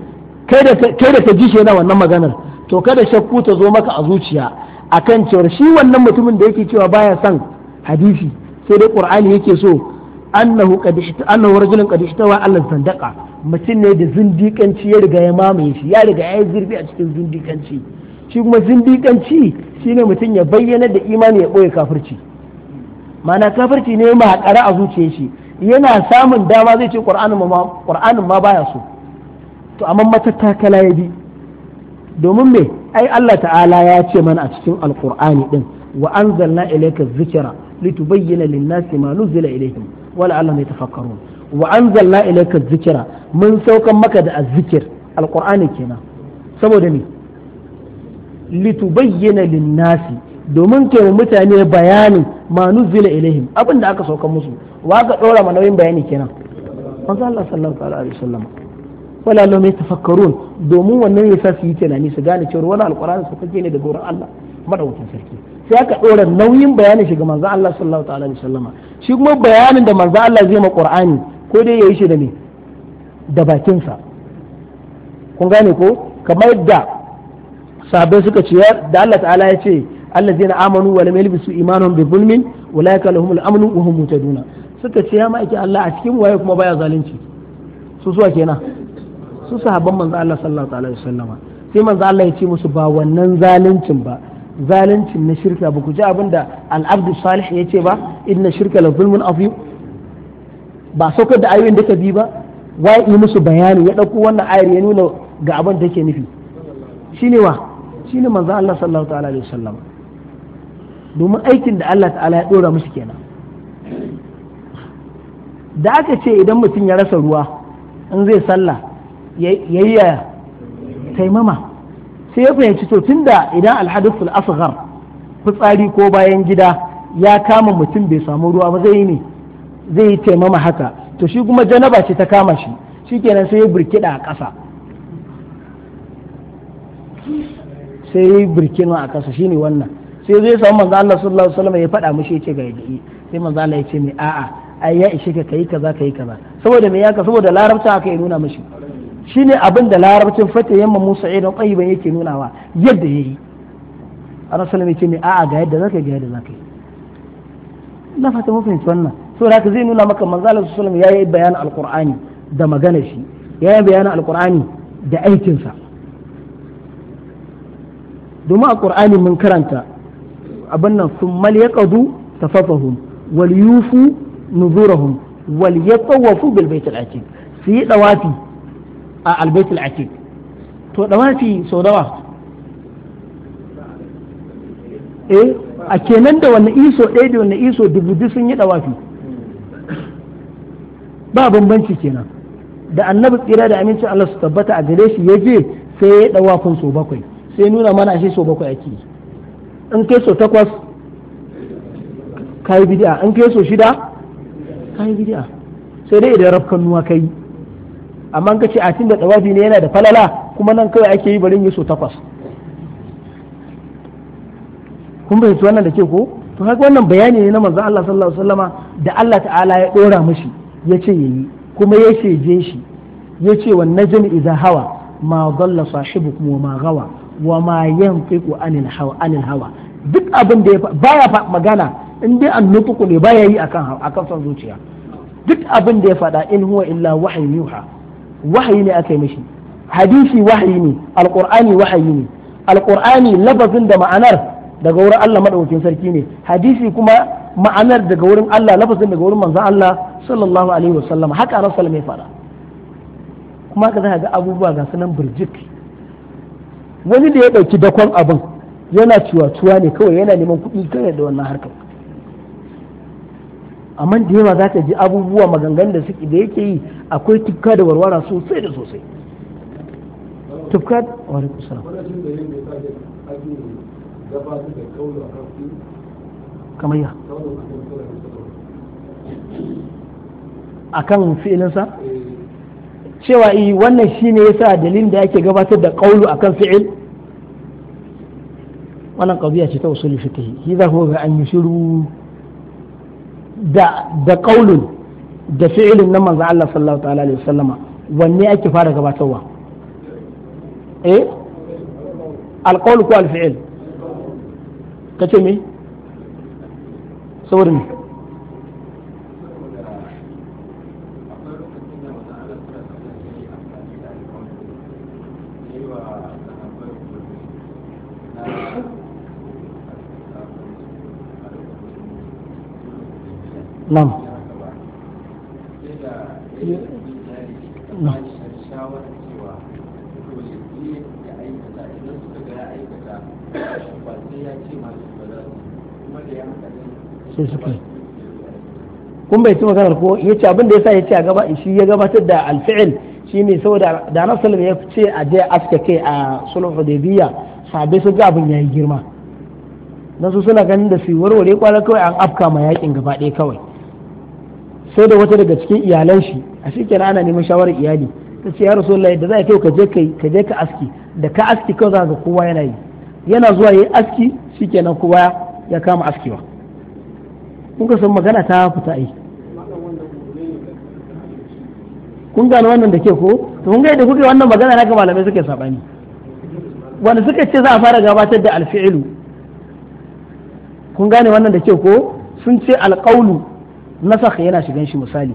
kada ka ji shi yana wannan maganar to kada shakku ta zo maka a zuciya akan cewa shi wannan mutumin da yake cewa baya son hadisi sai dai qur'ani yake so annahu qad annahu rajulun qad ihtawa allan sandaqa mutum ne da zindikanci ya riga ya mamaye shi ya riga ya zirbi a cikin zindikanci shi kuma zindikanci shine mutum ya bayyana da imani ya boye kafirci mana kafirci ne ma kara a zuciyar shi yana samun dama zai ci qur'anin ma qur'anin ma baya so to amma matattakala ya bi domin me ai Allah ta'ala ya ce mana a cikin alqur'ani din wa anzalna ilayka dhikra litubayyana lin-nasi ma nuzila ilayhim wa la'allahum yatafakkarun wa anzalna ilayka dhikra mun saukan maka da azzikir alqur'ani kenan saboda me litubayyana lin-nasi domin kai mutane bayanin ma nuzila ilaihim abin da aka sauka musu wa ka dora ma nauyin bayani kenan manzo Allah sallallahu alaihi wasallam wala lam yatafakkarun domin wannan yasa su yi tunani su gane cewa wannan alqur'ani su kake ne daga wurin Allah madaukin sarki sai aka dora nauyin bayanin shi ga manzo Allah sallallahu alaihi wasallam shi kuma bayanin da manzo Allah zai ma qur'ani ko dai yayi shi da me da bakin sa kun gane ko kamar da sabai suka ce da Allah ta'ala ya ce allazina amanu wa lam yalbisu imanuhum bi zulmin ulaika lahumul amnu wa hum muhtaduna suka ce ya ma'aikin Allah a cikin waye kuma baya zalunci su zuwa kenan su sahabban manzo Allah sallallahu alaihi wasallama sai manzo Allah ya ce musu ba wannan zaluncin ba zaluncin na shirka ba ku ji abin da al-abdu salih ya ce ba inna shirka la zulmun azim ba saukar da ayoyin da ka bi ba waye yi musu bayani ya dauko wannan ayar ya nuna ga abin da ke nufi shine wa shine manzo Allah sallallahu alaihi wasallama domin aikin da Allah ta'ala ya ɗora musu kenan da aka ce idan mutum ya rasa ruwa in zai sallah yi taimama sai ya fahimci to tun da idan alhadithul asghar fitsari ko bayan gida ya kama mutum bai samu ruwa ba zai yi ne zai yi taimama haka to shi kuma janaba ce ta kama shi shikenan sai ya burkida a ƙasa sai ya yi a ƙasa shi ne wannan sai zai samu manzo Allah sallallahu alaihi wasallam ya faɗa mushi yace ga yadi sai manzo Allah ya ce mai a'a ai ya ishe ka kai kaza kai kaza saboda me yaka saboda larabta aka yi nuna mushi shine abin da larabcin fata yamma Musa idan qayyiban yake nunawa yadda yayi Allah sallallahu alaihi wasallam ya ce mai a'a ga yadda zaka ga yadda zaka yi na fata mun fahimci wannan saboda haka zai nuna maka manzo Allah sallallahu alaihi wasallam yayi bayanin alqur'ani da magana shi yayi bayanin alqur'ani da aikinsa domin a ƙur'ani mun karanta abin nan sun mal ya ƙadu tafafahum wal yufu nuzurahum wal ya tsawafu bilbaitul baitul su yi ɗawafi a albaitul baitul to ɗawafi sau dawa eh a kenan da wani iso ɗaya da wani iso dubu duk sun yi ɗawafi ba bambanci kenan da annabi tsira da amincin Allah su tabbata a gare shi ya je sai ya ɗawafin sau bakwai sai nuna mana shi sau bakwai ake yi in kai so takwas kayi bidi'a, in kai so shida kayi bidi'a, sai dai idan rafkan nuwa kai amma in kace a da dawafi ne yana da falala kuma nan kawai ake yi barin yi so takwas kun bai wannan da ke ko to haka wannan bayani ne na manzon Allah sallallahu alaihi wasallama da Allah ta'ala ya dora mishi ce yayi kuma ya sheje shi ya ce wannan najmi idza hawa ma dalla sahibukum wa ma gawa wa ma yantiqu anil hawa anil hawa duk abin da ya baya magana in dai nutuku ne baya yi akan akan son zuciya duk abin da ya faɗa in huwa illa wahayin yuha wahayi ne aka yi mishi hadisi wahayi ne alqur'ani wahayi ne alqur'ani lafazin da ma'anar daga wurin Allah madaukakin sarki ne hadisi kuma ma'anar daga wurin Allah lafazin daga wurin manzon Allah sallallahu alaihi wasallam haka rasul mai faɗa kuma ka ga abubuwa ga sunan birjik wani da ya ɗauki dakon abin yana ciwa ne kawai yana neman kuɗi kawai da wannan harkar amma da yawa za ka ji abubuwa maganganun da suke da yake yi akwai tukka da warwara sosai da sosai akan fi'ilinsa eh. cewa yi wannan ya yasa dalilin da ake gabatar da a kan fi'il wannan ya ce ta yi fiqh idza huwa an yi shiru da ƙaulun da fi'ilin na manzan Allah sallallahu ta'ala alaihi Sallama wanne ake fara gabatarwa eh alqawl ko alfi'il ce me saurin نعم kun bai ci maganar ko ya ce abin da ya sa ya ce a gaba shi ya gabatar da alfi'il shi ne saboda da na salim ya ce a je aske kai a sulhu hudaybiya sabai sun ga abin ya yi girma nasu su suna ganin da su warware kwanar kawai an afka ma yakin gaba ɗaya kawai sai da wata daga cikin iyalan shi a shi kenan ana neman shawarar iyali ta ce ya rasulullahi da za a ka je ka ka je ka aski da ka aski kawai za ka kowa yana yi yana zuwa yayi aski shikenan kowa ya kama askewa kun ka san magana ta fita ai kun gane wannan da ke ko to kun ga da kuke wannan magana na ga malamai suke sabani wanda suka ce za a fara gabatar da alfi'ilu kun gane wannan da ke ko sun ce alƙaulu nasakh yana shigan shi misali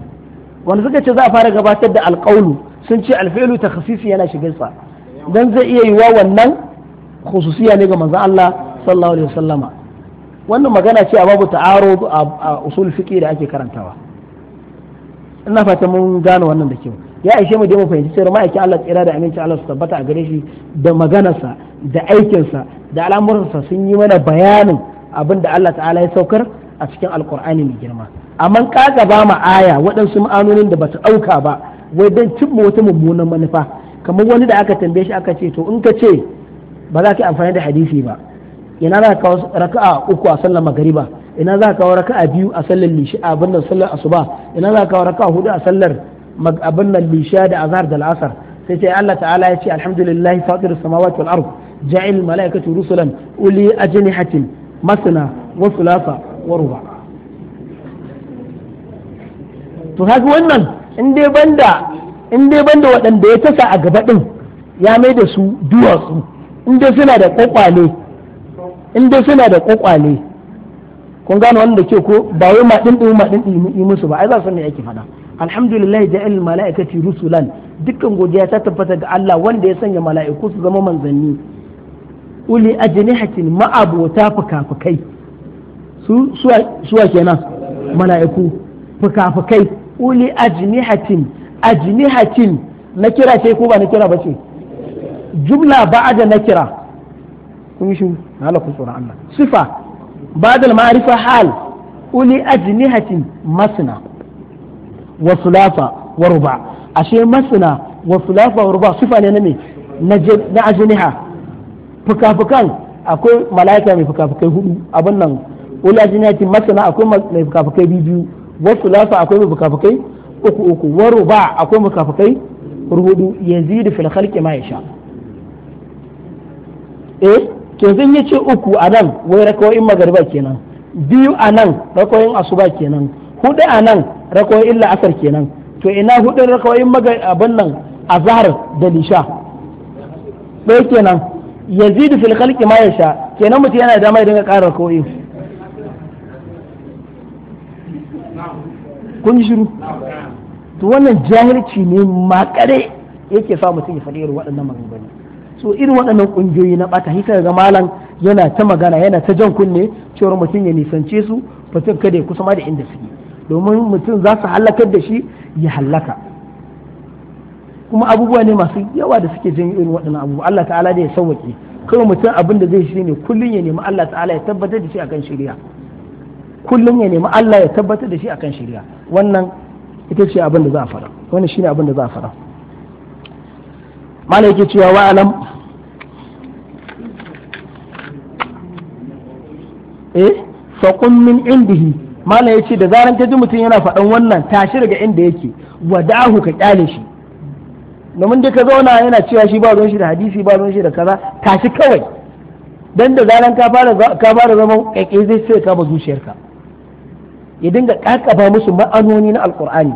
wanda suka ce za a fara gabatar da alƙaulu sun ce alfi'lu takhsisi yana shigan sa don zai iya yiwa wannan khususiya ne ga manzan Allah sallallahu alaihi wasallama wannan magana ce a babu ta'aro a usul fiqi da ake karantawa ina fata mun gane wannan da kyau ya aishe mu dai mu fahimci cewa ma'aikin Allah tsira da aminci Allah su tabbata a gare shi da maganarsa da aikinsa da al'amuransa sun yi mana bayanin abin da Allah ta'ala ya saukar a cikin alkur'ani mai girma amma kaga bama ma aya waɗansu ma'anonin da ba su ɗauka ba wai don cimma wata mummunan manufa kamar wani da aka tambaye shi aka ce to in ka ce ba za ka amfani da hadisi ba ina za ka kawo raka'a uku a sallar magariba ina za ka kawo raka'a biyu a sallar lishi a abin nan sallar asuba ina za ka kawo raka'a hudu a sallar abin nan lisha da azhar da al'asar sai sai Allah ta'ala ya ce alhamdulillahi fatirus samawati wal ard ja'il malaikatu rusulan uli ajnihatin masna wa thulatha wa ruba' to haka wannan in dai banda waɗanda ya tasa a gaba ɗin ya mai da su duwatsu in dai suna da kwakwale in dai suna da kwakwale kun gano wannan da ke ko ba wai ma ɗin ɗin ma ɗin yi musu ba ai za su ne yake faɗa alhamdulillah ja'al mala'ikati rusulan dukkan godiya ta tabbata ga Allah wanda ya sanya mala'iku su zama manzanni uli ajnihatin ma'abota fuka-fukai su suwa kenan mala'iku fuka-fukai uli ajnihatin ajnihatin na kira ce ko ba na kira ba ce jumla da na kira kun yi na hala ku tsoron Allah sifa ba da ma'arifa hal uli ajnihatin masna wa sulafa wa ruba ashe masna wa sulafa wa ruba sifa ne na me na ajniha fuka-fukan akwai mala'ika mai fuka-fukai hudu abin nan uli ajnihatin masna akwai mai fuka-fukai biyu wasu lafa akwai mukafakai uku uku waru ba akwai mukafakai rudu yazidu da filhalki ma ya sha. eh to zan yace uku anan wai rakawoyin magariba kenan biyu anan rakawoyin asuba kenan hudu anan rakawoyin la'asar kenan to ina hudun rakawoyin abin nan azhar da lisha ɗaya kenan yazidu fil khalqi ma yasha kenan mutum yana da damar ya dinga ƙara rakawoyi kun yi shiru to wannan jahilci ne makare yake sa mutum ya faɗi irin waɗannan maganganu so irin waɗannan ƙungiyoyi na ɓata hikar ga malam yana ta magana yana ta jan kunne cewar mutum ya nisance su mutum kada ya kusa ma da inda suke domin mutum za su halakar da shi ya halaka kuma abubuwa ne masu yawa da suke jin irin waɗannan abubuwa Allah ta'ala da ya sauwaƙe kawai mutum abin da zai shi ne kullum ya nemi Allah ta'ala ya tabbatar da shi akan shirya. kullum ya nemi Allah ya tabbatar da shi akan shari'a wannan ita ce abin da za a fara wannan shine abin da za a fara mala yake cewa wa alam eh fa qum min indihi mala yace da zaran ta ji mutum yana faɗan wannan tashi daga inda yake wada'ahu ka kyale shi domin da ka zauna yana cewa shi ba ruwan shi da hadisi ba ruwan shi da kaza tashi kawai dan da zaran ka fara ka fara zama kai zai sai ka ba zuciyarka ya dinga kakaba musu ma'anoni na alkur'ani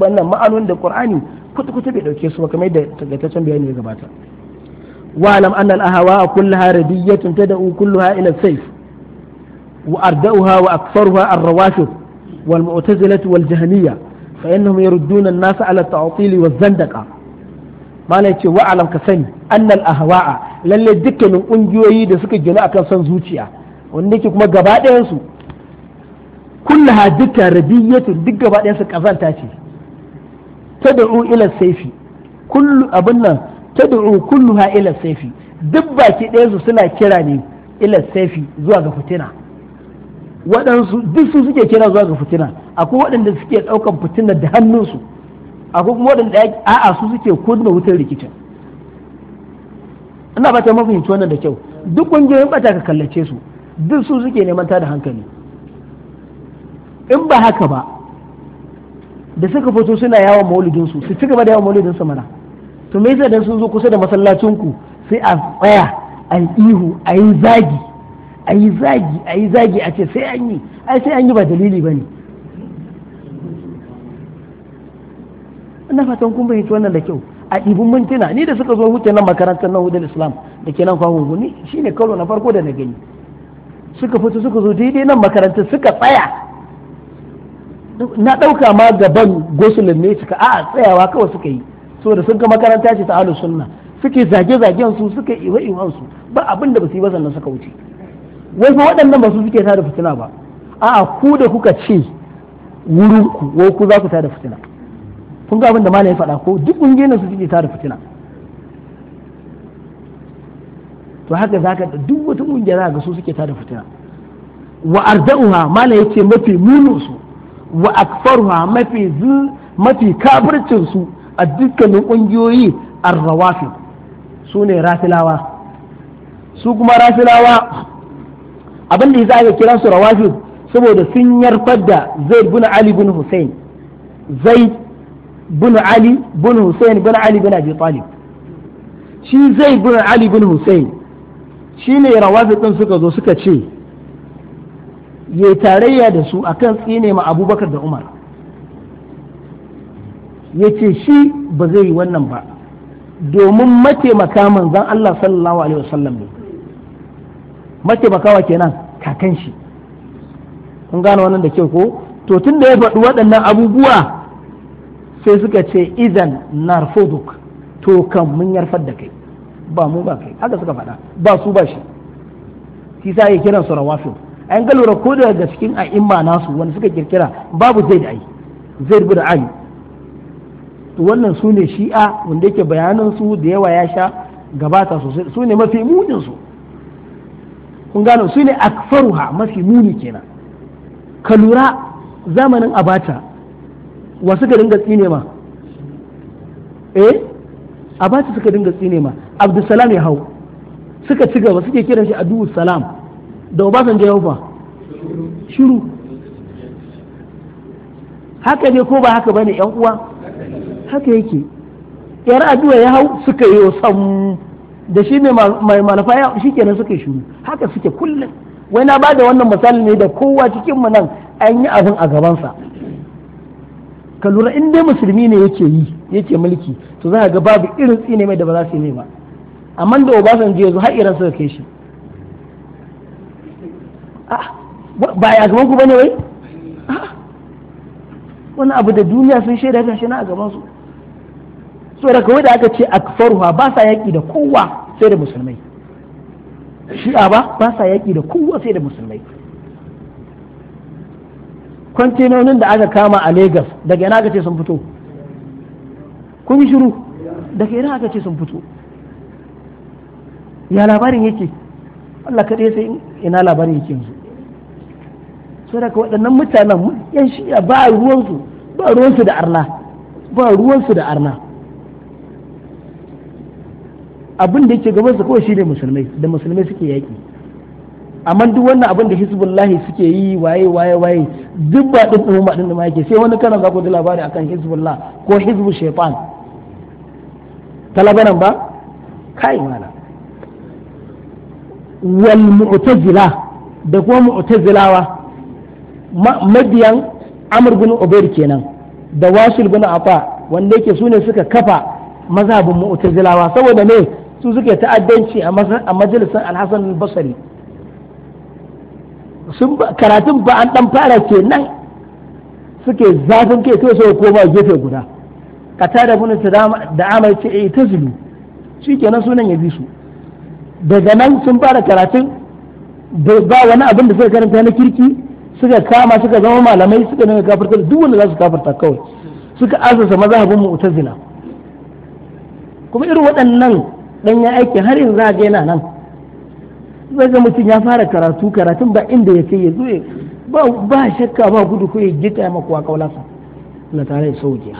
wannan ma'anoni da qur'ani kutu-kutu bai dauke su ba kamar da tagataccen bayani ya gabata wa alam anna al-ahawa kullu haradiyatun tad'u kulluha ila sayf wa ardauha wa aktharuha ar-rawafid wal mu'tazilah wal jahmiyah fa innahum yarudduna an-nasa ala at-ta'til wa zandaqa malai ce wa ka sani anna al-ahawa lalle dukkanin ungiyoyi da suka gina akan son zuciya wanda yake kuma gaba ɗayan su Kulla kullaha dukka radiyatu duk gaba ɗayan su kazanta ce tad'u ila saifi kullu abin nan tad'u kulluha ila saifi duk baki ɗayan su suna kira ne ila saifi zuwa ga fitina waɗansu duk su suke kira zuwa ga fitina akwai waɗanda suke ɗaukan fitina da hannunsu akwai kuma waɗanda a'a su suke kunna wutar rikicin ina ba ta mafi wannan da kyau duk ƙungiyoyin ɓata ka kallace su duk su suke neman ta da hankali in ba haka ba da suka fito suna yawon maulidinsu su ci gaba da yawon maulidinsu mana to me zai dan sun zo kusa da masallacinku sai a tsaya a yi ihu a yi zagi a yi zagi a yi zagi a ce sai an yi ai sai an yi ba dalili ba ne ina fatan kun fahimci wannan da kyau a ɗibin mintuna ni da suka zo huce nan makarantar nan hudul islam da ke nan kwahon ne shine karo na farko da na gani suka fito suka zo daidai nan makarantar suka tsaya na ɗauka ma gaban gosulin ne suka a tsayawa kawai suka yi saboda sun ga makaranta ce ta ahlus sunna suke zage-zagen su suke iwa-iwan su ba abin da ba su yi ba sannan suka wuce wai fa waɗannan ba su suke tada fitina ba a'a ku da kuka ce wurin ku wai ku za ku tada fitina kun ga abin da malam ya faɗa ko duk ƙungiyoyin su suke tada fitina to haka zaka da duk wata kungiya za ga su suke tada fitina wa arda'uha malam yace mafi munin su wa aksaruha mafi zu mafi kafircin su a dukkanin kungiyoyi arrawafi su ne rafilawa su kuma rafilawa abin da yasa aka kira su rawafi saboda sun yarfar da zaid bin ali bin hussein zaid bin ali bin hussein bin ali bin abi talib shi zaid bin ali bin hussein shine rawafi din suka zo suka ce ya tarayya da su akan tsine ma abubakar da umar yace shi ba zai yi wannan ba domin mataimaka manzan Allah sallallahu alaihi wasallam ne mataimakawa kenan kakan shi kun gane wannan da kyau ko to tun da ya faɗi waɗannan abubuwa sai suka ce izan narfoduk to kan mun yarfar da kai ba mu ba kai haka suka faɗa ba su ba shi kisa ya kiran su rawafin an ga lura ko daga cikin a'imma nasu wanda suka kirkira babu zai da ai zai da ai to wannan su ne shi'a wanda yake bayanan su da yawa ya sha gabata sosai su ne mafi munin su kun gano su ne akfaruha mafi muni kenan ka lura zamanin abata wa suka dinga tsine ma eh abata suka dinga tsine ma abdulsalam ya hau suka ci gaba suke kiran shi adu salam da obasanjo ya fa shiru haka ne ko ba haka bane yan uwa haka yake yar aduwa ya hau suka yi sam da shi ne mai manufa ya shi kenan suka yi shiru haka suke kullum wai na ba da wannan misali ne da kowa cikin mu nan an yi abin a gabansa ka lura in dai musulmi ne yake yi yake mulki to za ga babu irin tsine mai da ba za su yi mai ba amma da obasanjo ya zo har iran suka kai shi ba ya gaba ku bane wai wani abu da duniya sun shaida shi na a gaban su so da kawai da aka ce akfaruha ba sa yaki da kowa sai da musulmai shi'a ba ba sa yaki da kowa sai da musulmai kwantenonin da aka kama a Legas daga yana aka ce sun fito kun shiru daga yana aka ce sun fito ya labarin yake Allah kaɗai sai ina labarin yake yanzu so daga waɗannan mutanen yan shi'a ba ruwansu ba ruwansu da arna ba ruwansu da arna abin da yake su kawai shine musulmai da musulmai suke yaƙi amma duk wannan abin da hizbullahi suke yi waye waye waye duk ba duk umma din da ma yake sai wani kana za ku ji labari akan hizbullah ko hizbu shaytan talabanan ba kai mana wal mu'tazila da kuma mu'tazilawa mabiyan amur bin ubair kenan da washil bin afa wanda yake sune suka kafa mazhabin mu'tazilawa saboda me su suke ta'addanci a majalisar alhassan al-basri sun karatun ba an dan fara kenan suke zafin kai to sai ba gefe guda kata da bin da amai ce eh shi kenan sunan ya bi su daga nan sun fara karatun ba wani abin da suka karanta na kirki suka kama suka zama malamai suka nemi kafirta duk wanda za su kafarta kawai suka azasa mazhabin mu'tazila kuma irin waɗannan dan ya aiki har yanzu za ga yana nan zai ga mutum ya fara karatu karatun ba inda ya ce ya zo ba ba shakka ba gudu ko ya gita ya makuwa kaulasa na tare da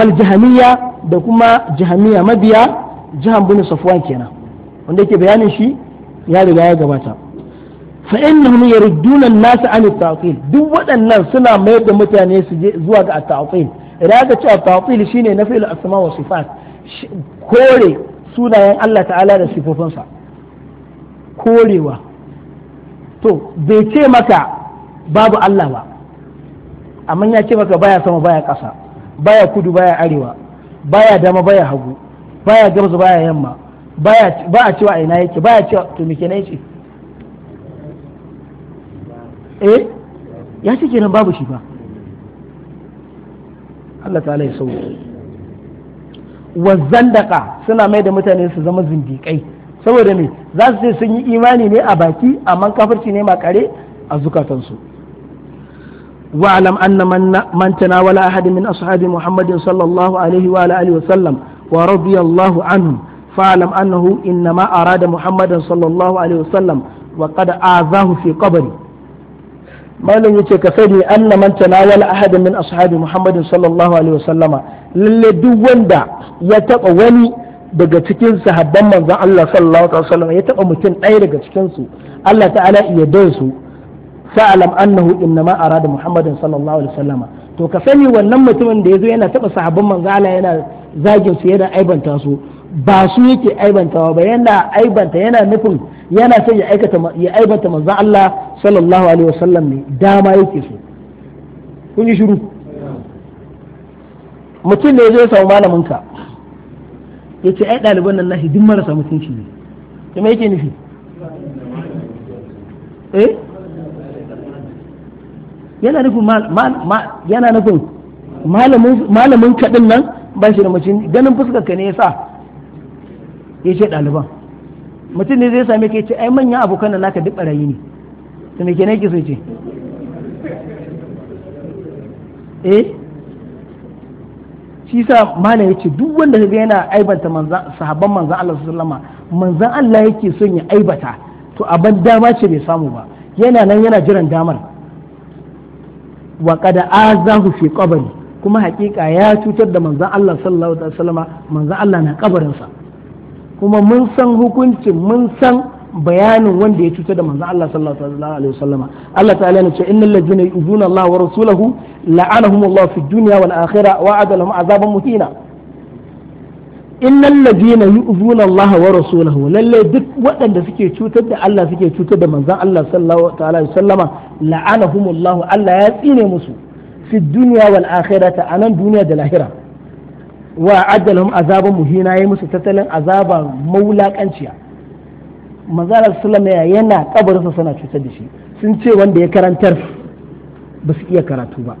wal jahamiya da kuma jahamiya mabiya jahan bin safwan kenan wanda yake bayanin shi ya riga ya gabata fa innahum yarudduna an-nas an nasa an at tatil duk waɗannan suna mayar da mutane su je zuwa ga at-ta'til idan aka ce at-ta'til shine na asma wa sifat kore sunayen Allah ta'ala da sifofinsa korewa to bai ce maka babu Allah ba amma ya ce maka baya sama baya ƙasa baya kudu baya arewa baya dama baya hagu baya gabas baya yamma baya ba a cewa ina yake baya cewa to me kenan yake eh ya ce kenan babu shi ba Allah ta'ala ya sauke wa zandaka suna mai da mutane su zama zindiƙai saboda me za su ce sun yi imani ne a baki amma kafirci ne makare a zukatansu alam anna man tanawala ahadin min ashabi muhammadin sallallahu alaihi wa alihi wa sallam wa radiyallahu anhu alam annahu inna ma arada muhammadan sallallahu alaihi wa sallam wa qad azahu fi qabri malam yace ka sani anna man tanawala ahadan min ashabi muhammadin sallallahu alaihi wasallama lalle duk wanda ya taba wani daga cikin sahabban manzon Allah sallallahu alaihi wasallam ya taba mutum ɗaya daga cikin su Allah ta'ala ya dan su fa'alam annahu innama arada muhammadin sallallahu alaihi wasallama to ka sani wannan mutumin da yazo yana taba sahabban manzon Allah yana zagin su yana aibanta su ba su yake aibanta ba yana aibanta yana nufin yana son ya aikata ya aibanta manzo Allah sallallahu alaihi wasallam ne dama yake so kun yi shiru mutum ne zai samu malamin ka ya ce ai ɗaliban nan nashi duk marasa mutunci ne ta me yake nufi eh yana nufin yana nufin malamin kaɗin nan ba shi da mutum ganin fuskar ka ne ya sa ya ce ɗaliban mutum ne zai sami ka ce ai manyan abokan da naka duk barayi ne to ke kenan ke so ce eh shi sa ya yace duk wanda ga yana aibanta manzan sahabban manzan Allah sallama manzan Allah yake son ya aibata to abin dama ce bai samu ba yana nan yana jiran damar wa qad azahu fi qabri kuma hakika ya cutar da manzan Allah sallallahu alaihi wasallama manzan Allah na kabarinsa kuma mun san hukuncin mun san bayanin wanda ya cuta da manzon Allah sallallahu alaihi wasallam Allah ta'ala ne ce innal ladzina yu'zuna Allah wa rasulahu la'anahum Allah fid dunya wal akhirah wa adala lahum azaban muhina innal ladzina yu'zuna Allah wa rasulahu lalle duk waɗanda suke cutar da Allah suke cutar da manzon Allah sallallahu alaihi wasallama la'anahum Allah Allah ya tsine musu fid dunya wal akhirah a nan duniya da lahira wa adalhum azaban muhina yayi musu tattalin azaba maulakanciya manzara sallama yana kabarinsa suna cutar da shi sun ce wanda ya karantar ba su iya karatu ba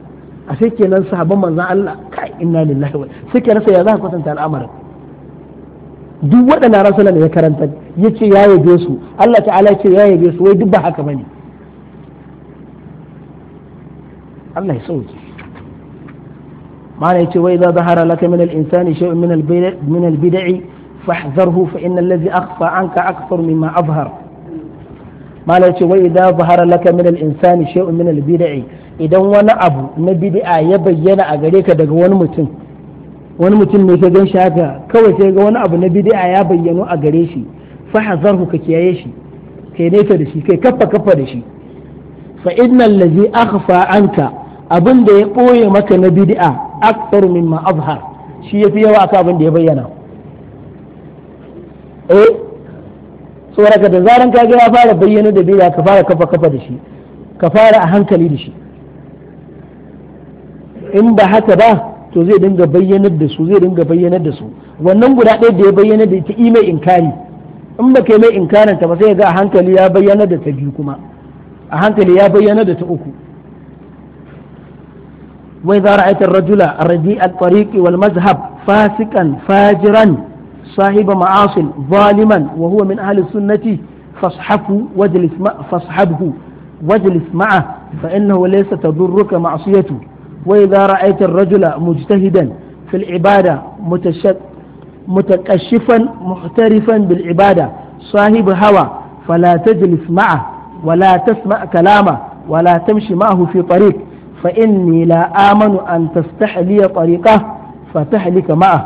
a sai kenan sahabban manzan Allah kai inna lillahi wa sai kenan sai ya za ka kwatanta al'amarin duk waɗannan rasulun ya karanta ya ce ya yabe su Allah ta'ala ce ya yabe su wai duk ba haka bane Allah ya sauke معنى يتي وإذا ظهر لك من الإنسان شيء من البدع من البدع فاحذره فإن الذي أخفى عنك أكثر مما أظهر معنى يتي وإذا ظهر لك من الإنسان شيء من البدع idan wani abu na bid'a ya bayyana a daga wani mutum wani mutum ne ka gan haka kawai wani abu na bid'a ya bayyano a gare shi fa hazarhu ka da shi da shi fa abin da ya boye maka na bid'a akthar mimma azhar shi yafi yawa akan abin da ya bayyana eh saboda da zaran ka ga ya fara bayyana da bid'a ka fara kafa kafa da shi ka fara a hankali da shi in ba haka ba to zai dinga bayyanar da su zai dinga bayyanar da su wannan guda ɗaya da ya bayyana da ta imai inkari in ba kai mai inkarin ta ba sai ga a hankali ya bayyana da ta biyu kuma a hankali ya bayyana da ta uku وإذا رأيت الرجل رديء الطريق والمذهب فاسقا فاجرا صاحب معاص ظالما وهو من أهل السنة فاصحبه واجلس فاصحبه واجلس معه فإنه ليس تضرك معصيته وإذا رأيت الرجل مجتهدا في العبادة متشد متكشفا محترفا بالعبادة صاحب هوى فلا تجلس معه ولا تسمع كلامه ولا تمشي معه في طريق fa inni la amanu an tastahliya tariqa fa tahlika ma'a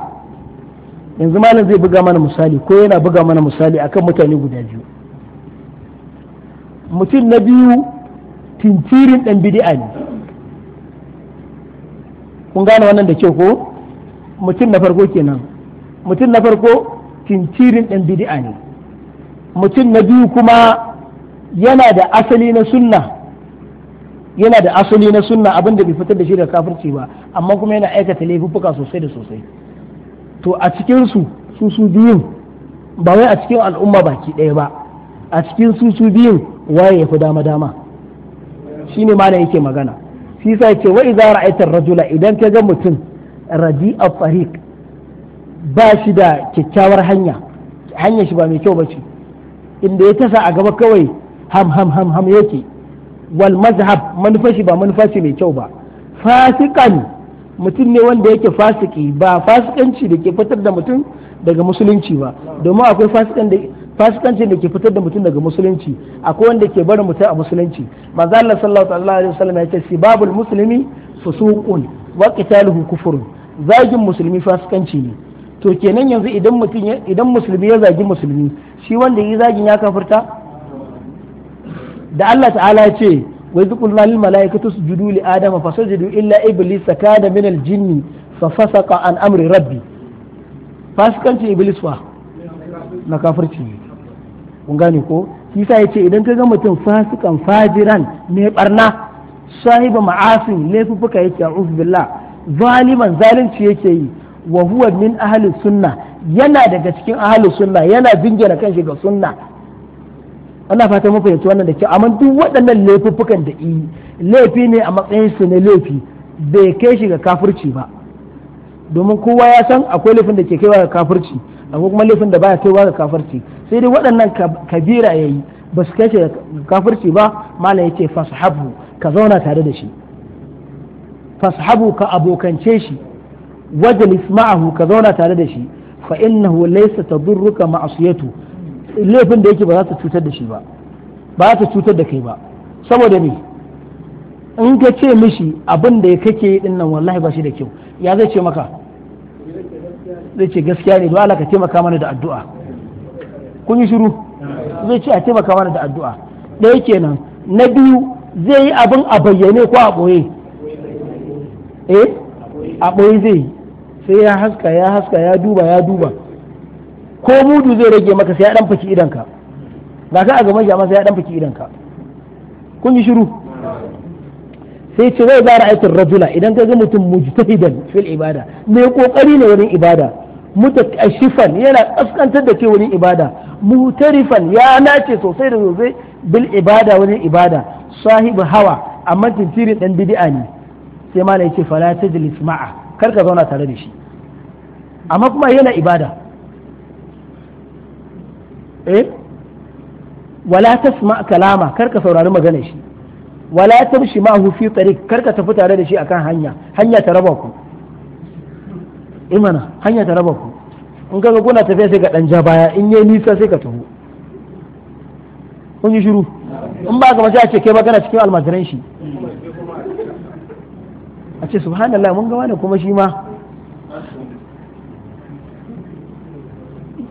yanzu malam zai buga mana misali ko yana buga mana misali akan mutane guda biyu mutum na biyu tintirin ɗan bid'a ne kun gane wannan da ke ko mutum na farko kenan mutum na farko tintirin ɗan bid'a ne mutum na biyu kuma yana da asali na sunna yana da asali na sunna abin da bai fitar da shi daga kafirci ba amma kuma yana aikata laifuffuka sosai da sosai to a cikin su su su biyun ba wai a cikin al'umma baki ɗaya ba a cikin su su biyun waye ya fi dama dama ne ma yake magana shi sa yake wa idza ra'aita rajula idan ka ga mutum radi'a fariq ba shi da kyakkyawar hanya hanya shi ba mai kyau ba ce inda ya tasa a gaba kawai ham ham ham ham yake wal mazhab manufashi ba manufashi mai kyau ba fasikan mutum ne wanda yake fasiki ba fasikanci da ke fitar da mutum daga musulunci ba domin akwai fasikanci da ke fitar da mutum daga musulunci akwai wanda ke barin mutum a musulunci manzo Allah sallallahu alaihi wasallam ya ce sibabul muslimi fusuqun wa qitaluhu kufrun zagin musulmi fasikanci ne to kenan yanzu idan mutum idan musulmi ya zagi musulmi shi wanda yi zagin ya kafirta da Allah ta'ala ya ce wa idh qulna lil malaikati isjudu li adama fasajadu illa iblis kana min al jinni fa fasaqa an amri rabbi fasikanci iblis fa na kafirci ne kun gane ko kisa yace idan ka ga mutum fasikan fajiran mai barna sahiba ma'asin laifuka yake a'udhu billah zaliman zalunci yake yi wa huwa min ahli sunna yana daga cikin ahli sunna yana jingina kanshi ga sunna Allah fata mu fahimci wannan da kyau amma duk waɗannan laifuffukan da yi laifi ne a matsayin su ne laifi bai kai shi ga kafirci ba domin kowa ya san akwai laifin da ke kaiwa ga kafirci akwai kuma laifin da baya kaiwa ga kafirci sai dai waɗannan kabira yayi ba su kai shi ga kafirci ba malam yace fasahabu ka zauna tare da shi fasahabu ka abokance shi wajlis ma'ahu ka zauna tare da shi fa innahu laysa tadurruka ma'asiyatu laifin da yake ba za ta cutar da shi ba ba za ta cutar da kai ba saboda me in ka ce mishi abin da kake yi din nan wallahi ba shi da kyau ya zai ce maka zai ce gaskiya ne dole ka taimaka mana da addu'a kun yi shiru zai ce a taimaka mana da addu'a ɗaya kenan na biyu zai yi abin a bayyane ko a ɓoye eh a ɓoye zai sai ya haska ya haska ya duba ya duba ko mudu zai rage maka sai ya dan faki idanka ga ka a gaban shi amma sai ya dan faki idanka kun yi shiru sai ce wai zara aikin rajula idan ka ga mutum mujtahidan fil ibada mai kokari ne wurin ibada mutakashifan yana kaskantar da ke wurin ibada mutarifan ya nace sosai da sosai bil ibada wurin ibada sahibu hawa amma tintirin dan bid'a ne sai malai ce fala tajlis ma'a kar ka zauna tare da shi amma kuma yana ibada eh wala tasma kalama kar saurari magana shi wala tamshi ma hu fi tariq kar tafi tare da shi akan hanya hanya ta raba ku imana eh hanya ta raba ku in kaga kuna tafiya sai ka dan ja baya in yayi nisa sai ka taho kun yi shiru in ba ka mace a ce kai magana cikin almajiran shi a ce subhanallah mun ga wani kuma shi ma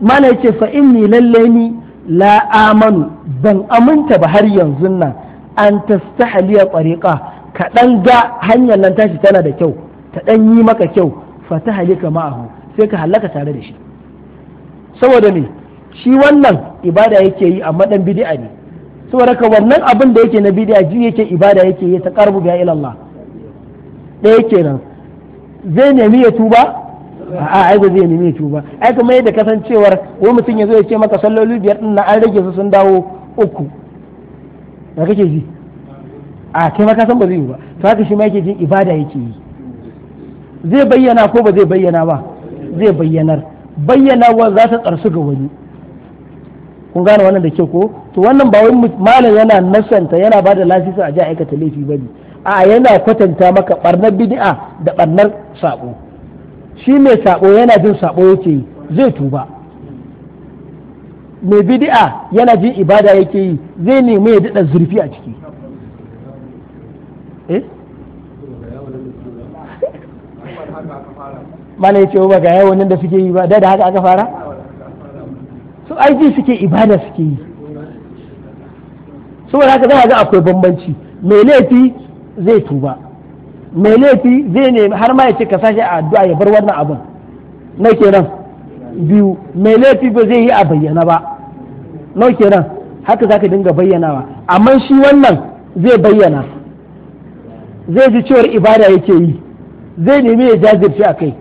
mana yake fa inni lalle ni la amanu ban aminta ba har yanzu nan an tastahliya tariqa ka dan ga hanyar nan tashi tana da kyau ta dan yi maka kyau fa ta halika ma'ahu sai ka halaka tare da shi saboda me shi wannan ibada yake yi amma dan bid'a ne saboda ka wannan abin da yake na bid'a ji yake ibada yake yi ta qarbu ga ilallah ɗaya da nan zai nemi ya tuba a ai ba zai nemi tuba ai kuma yadda kasancewar wani mutum ya zo ya ce maka salloli biyar din na an rage su sun dawo uku da kake ji a kai maka san ba zai yi ba to haka shi ma yake jin ibada yake yi zai bayyana ko ba zai bayyana ba zai bayyanar bayyanawa za ta tsarsu ga wani kun gane wannan da ke ko to wannan ba wai malam yana nasanta yana ba da lasisi a ji aikata laifi ba ne a yana kwatanta maka barnar bid'a da barnar sabo shi mai sabo yana jin sabo yake yi zai tuba mai bidi'a yana jin ibada yake yi zai nemi ya daɗa zurfi a ciki eh? mana ya ce ba ga yawanin da suke yi ba da haka aka fara su aiki suke ibada suke yi saboda haka za a ga akwai bambanci mai laifi zai tuba mai laifi zai nemi har ma ya ce ka sashi a addu'a ya bar wannan abin na kenan biyu mai laifi ba zai yi a bayyana ba na kenan haka zaka dinga bayyana bayyanawa amma shi wannan zai bayyana zai ji cewar ibada yake yi zai nemi ya jajirce a kai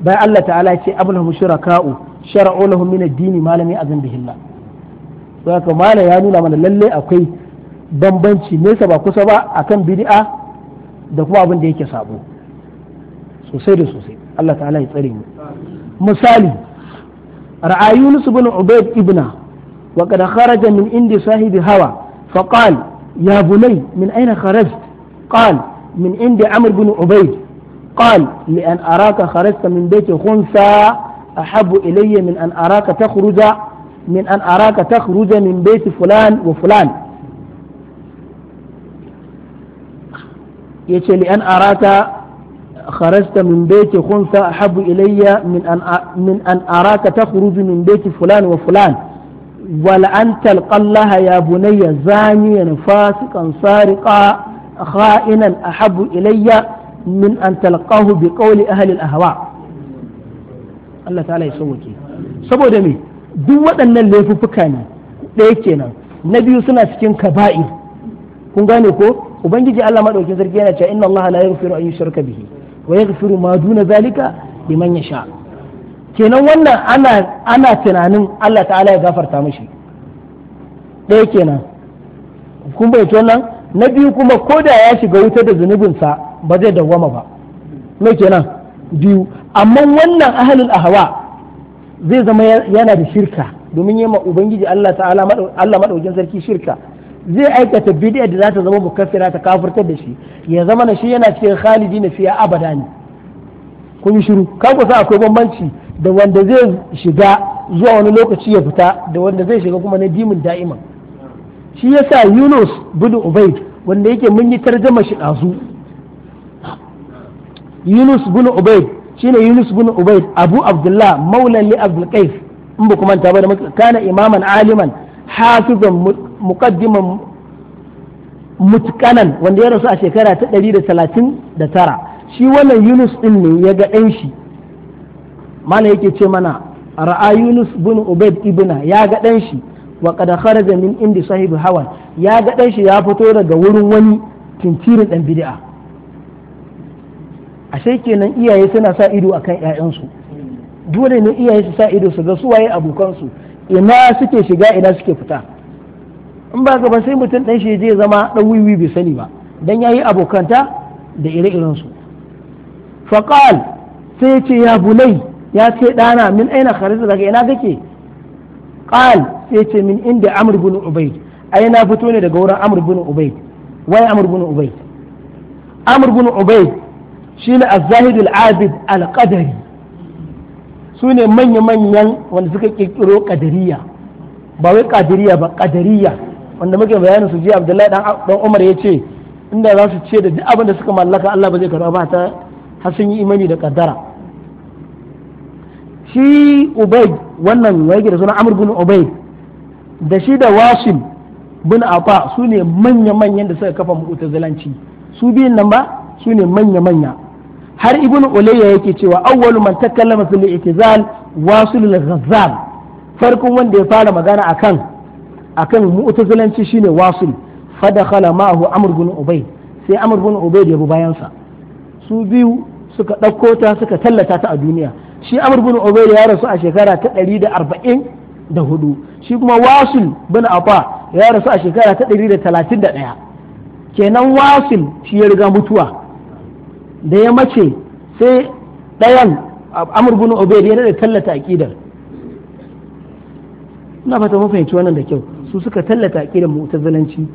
Bai Allah ta'ala ce abulhum shuraka'u shara'u lahum min ad-dini a lam ya'zan bihi malam ya nuna mana lallai akwai bambanci nesa ba kusa ba akan bid'a da kuma abin da yake sabo sosai da sosai Allah ta'ala ya tsare mu misali ra'ayu nusu bin ubaid ibna wa qad kharaja min indi sahibi hawa fa qala ya bunay min ayna kharajt qala min indi amr bin ubaid qala li an araka kharajta min bayti khunsa ahabu ilayya min an araka takhruja min araka takhruja min bayti fulan wa fulan yace li an araka kharajta min baiti khunsa habu ilayya min an min an araka takhruju min baiti fulan wa fulan wal an talqa Allah ya bunayya zaniyan fasikan sariqa kha'inan ahabu ilayya min an talqahu bi qawli ahli al ahwa Allah ta'ala ya sauke saboda me duk waɗannan laifuffuka ne ɗaya kenan na biyu suna cikin kaba'ir kun gane ko ubangiji Allah madauki sarki yana cewa inna Allah la yaghfiru an yushraka bihi wa yaghfiru ma duna zalika liman yasha kenan wannan ana ana tunanin Allah ta'ala ya gafarta mishi ɗaya kenan kun bai wannan na biyu kuma ko da ya shiga wuta da sa ba zai dawwama ba me kenan biyu amma wannan ahlul ahwa zai zama yana da shirka domin ma ubangiji Allah ta'ala Allah madaukin sarki shirka zai aikata bid'a da za ta zama mukaffira ta kafirtar da shi ya zama na shi yana cikin khalidi na fiya abada ne kun yi shiru kan kusa akwai bambanci da wanda zai shiga zuwa wani lokaci ya fita da wanda zai shiga kuma na dimin da'iman shi yasa Yunus bin Ubayd wanda yake mun yi tarjama shi dazu Yunus bin Ubayd shine Yunus bin Ubayd Abu Abdullah maulan li Abdul Qais in ba kuma ta ba da kana imaman aliman hafizan muqaddiman mutkanan wanda ya rasu a shekara ta ɗari da talatin tara shi wannan Yunus ɗin ne ya ga ɗan shi mala yake ce mana ra'a Yunus bin Ubayd ibna ya ga ɗan shi wa qad kharaja indi sahibi hawan ya ga ɗan shi ya fito daga wurin wani tintirin dan bid'a ashe kenan iyaye suna sa ido akan ƴaƴansu dole ne iyaye su sa ido su ga su waye abokansu ina suke shiga ina suke fita in ba ka ba sai mutum ɗan shi zai zama ɗan wiwi bai sani ba dan yayi abokanta da ire-iren su faqal sai ya ce ya bulai ya ce ɗana min aina kharita daga ina kake qal sai ya ce min inda amr bin ubayd ai na fito ne daga wurin amr bin ubayd wai amr bin ubayd amr bin ubayd shine az-zahid abid al-qadari su ne manya-manyan wanda suka kirkiro kadiriya ba wai kadiriya ba kadiriya wanda muke bayanin su jiya abdullahi dan umar ya ce inda za su ce da duk abin da suka mallaka allah ba zai karba ba ta har sun yi imani da kaddara shi ubaid wannan yake da sunan amr bin ubay da shi da wasim bin afa su ne manya-manyan da suka kafa mutazilanci su biyun nan ba su ne manya-manya har ibn ulayya yake cewa awwalu man takallama fil i'tizal wasul ghazzal farkon wanda ya fara magana akan akan mu'tazilanci shine wasul fa dakhala ma'ahu amr ibn ubay sai amr ibn ubay ya bi bayan sa su biyu suka ɗauko ta suka tallata ta a duniya shi amr ibn ubay ya rasu a shekara ta 144 shi kuma wasul bin afa ya rasu a shekara ta 131 kenan wasul shi ya riga mutuwa da ya mace sai ɗayan amur bin yana da tallata aqidar na fata mun fahimci wannan da kyau su suka tallata aqidar mu'tazilanci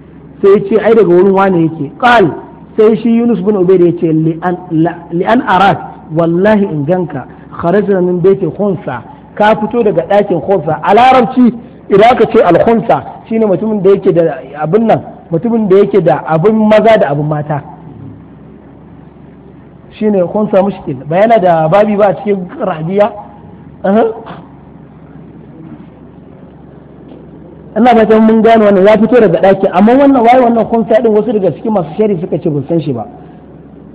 sai ce ai daga wurin wani yake qal sai shi Yunus bin Ubayd ya ce li'an an arat wallahi in ganka kharajna min baiti khunsa ka fito daga ɗakin khunsa a larabci idan aka ce al khunsa shine mutumin da yake da abin nan mutumin da yake da abin maza da abin mata ne khunsa mushkil ba yana da babi ba a cikin rabiya ina ba mun gano wannan ya fito daga ɗaki amma wannan waye wannan khunsa din wasu daga cikin masu shari suka ce ban san shi ba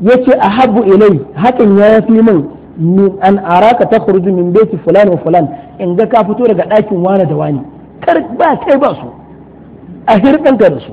yace Habu ilai hakan ya yafi min min an araka takhruju min baiti fulan wa fulan in ga ka fito daga ɗakin wani da wani kar ba kai ba su a hirɗanka da su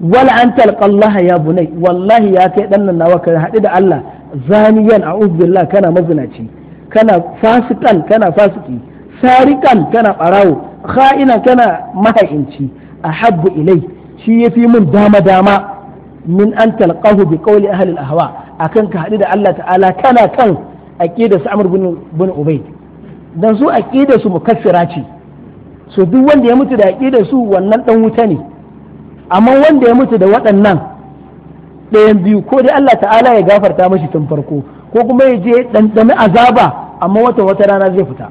wala an talqallaha ya bunai wallahi ya kai dan nan nawa ka haɗu da Allah zaniyan a'udhu billah kana mazinaci kana fasikan kana fasiki sarikan kana barawo kha'ina kana maha'inci ahabbu ilai shi yafi mun dama dama min an talqahu bi qawli ahli al-ahwa akan ka haɗu da Allah ta'ala kana kan aqida su Amr bin bin Ubay dan su aqida su mukaffira ce so duk wanda ya mutu da aqida su wannan dan wuta ne amma wanda ya mutu da waɗannan ɗayan biyu ko dai Allah ta'ala ya gafarta mashi tun farko ko kuma ya je ɗanɗani azaba amma wata wata rana zai fita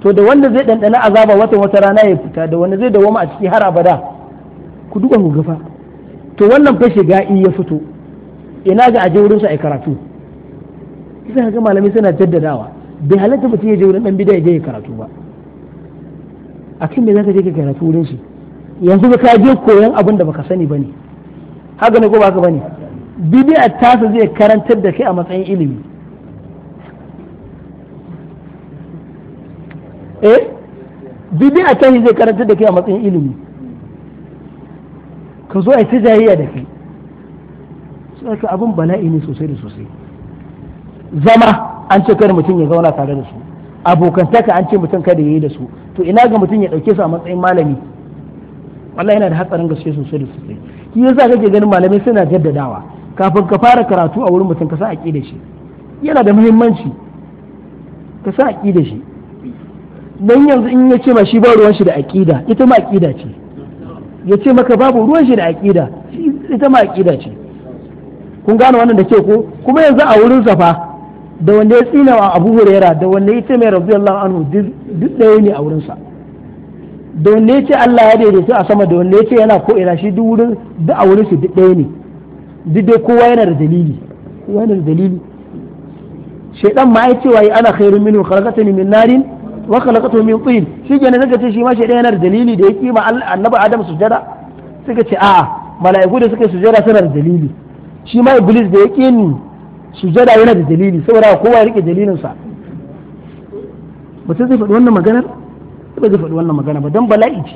to da wanda zai ɗanɗani azaba wata wata rana ya fita da wanda zai dawoma a ciki har abada ku duka ku gafa to wannan fa shiga in ya fito ina ga aje wurin sa ai karatu sai ga malamai suna jaddadawa bai halatta mutum ya je wurin dan bid'a ya je karatu ba a kan me zaka je ka karatu wurin shi yanzu ka je koyon abin da baka sani bane haka ne ko baka bane ta su zai karantar da kai a matsayin ilimi eh bid'a ta zai karantar da kai a matsayin ilimi ka zo a ta jayayya da kai sai abin bala'i ne sosai da sosai zama an ce kar mutum ya zauna tare da su abokantaka an ce mutum kada ya yi da su to ina ga mutum ya ɗauke su a matsayin malami wallahi yana da hatsarin gaske sosai da sosai shi yasa kake ganin malamai suna jaddadawa kafin ka fara karatu a wurin mutum ka sa aqida shi yana da muhimmanci ka sa aqida shi dan yanzu in ya ce ma shi ba ruwan shi da aqida ita ma aqida ce ya ce maka babu ruwan shi da aqida ita ma aqida ce kun gane wannan da ke ko kuma yanzu a wurin safa da wanda ya tsina wa Abu Huraira da wanda ya ce mai radiyallahu anhu duk ɗaya ne a wurin sa da wanne ce Allah ya su a sama da wanne ce yana ko ina shi duk wurin duk a wurin su duk ɗaya ne duk dai kowa yana da dalili kowa yana da dalili shaydan ma wa wai ana khairu minhu khalaqatani min narin wa khalaqatu min tin shi ke daga ce shi ma shaydan yana da dalili da yake ma annabi Adam sujada suka ce a'a mala'iku da suka sujada suna da dalili shi ma iblis da yake ni sujada yana da dalili saboda kowa ya rike dalilinsa mutum zai faɗi wannan maganar ba zai faɗi wannan magana ba don bala'i ce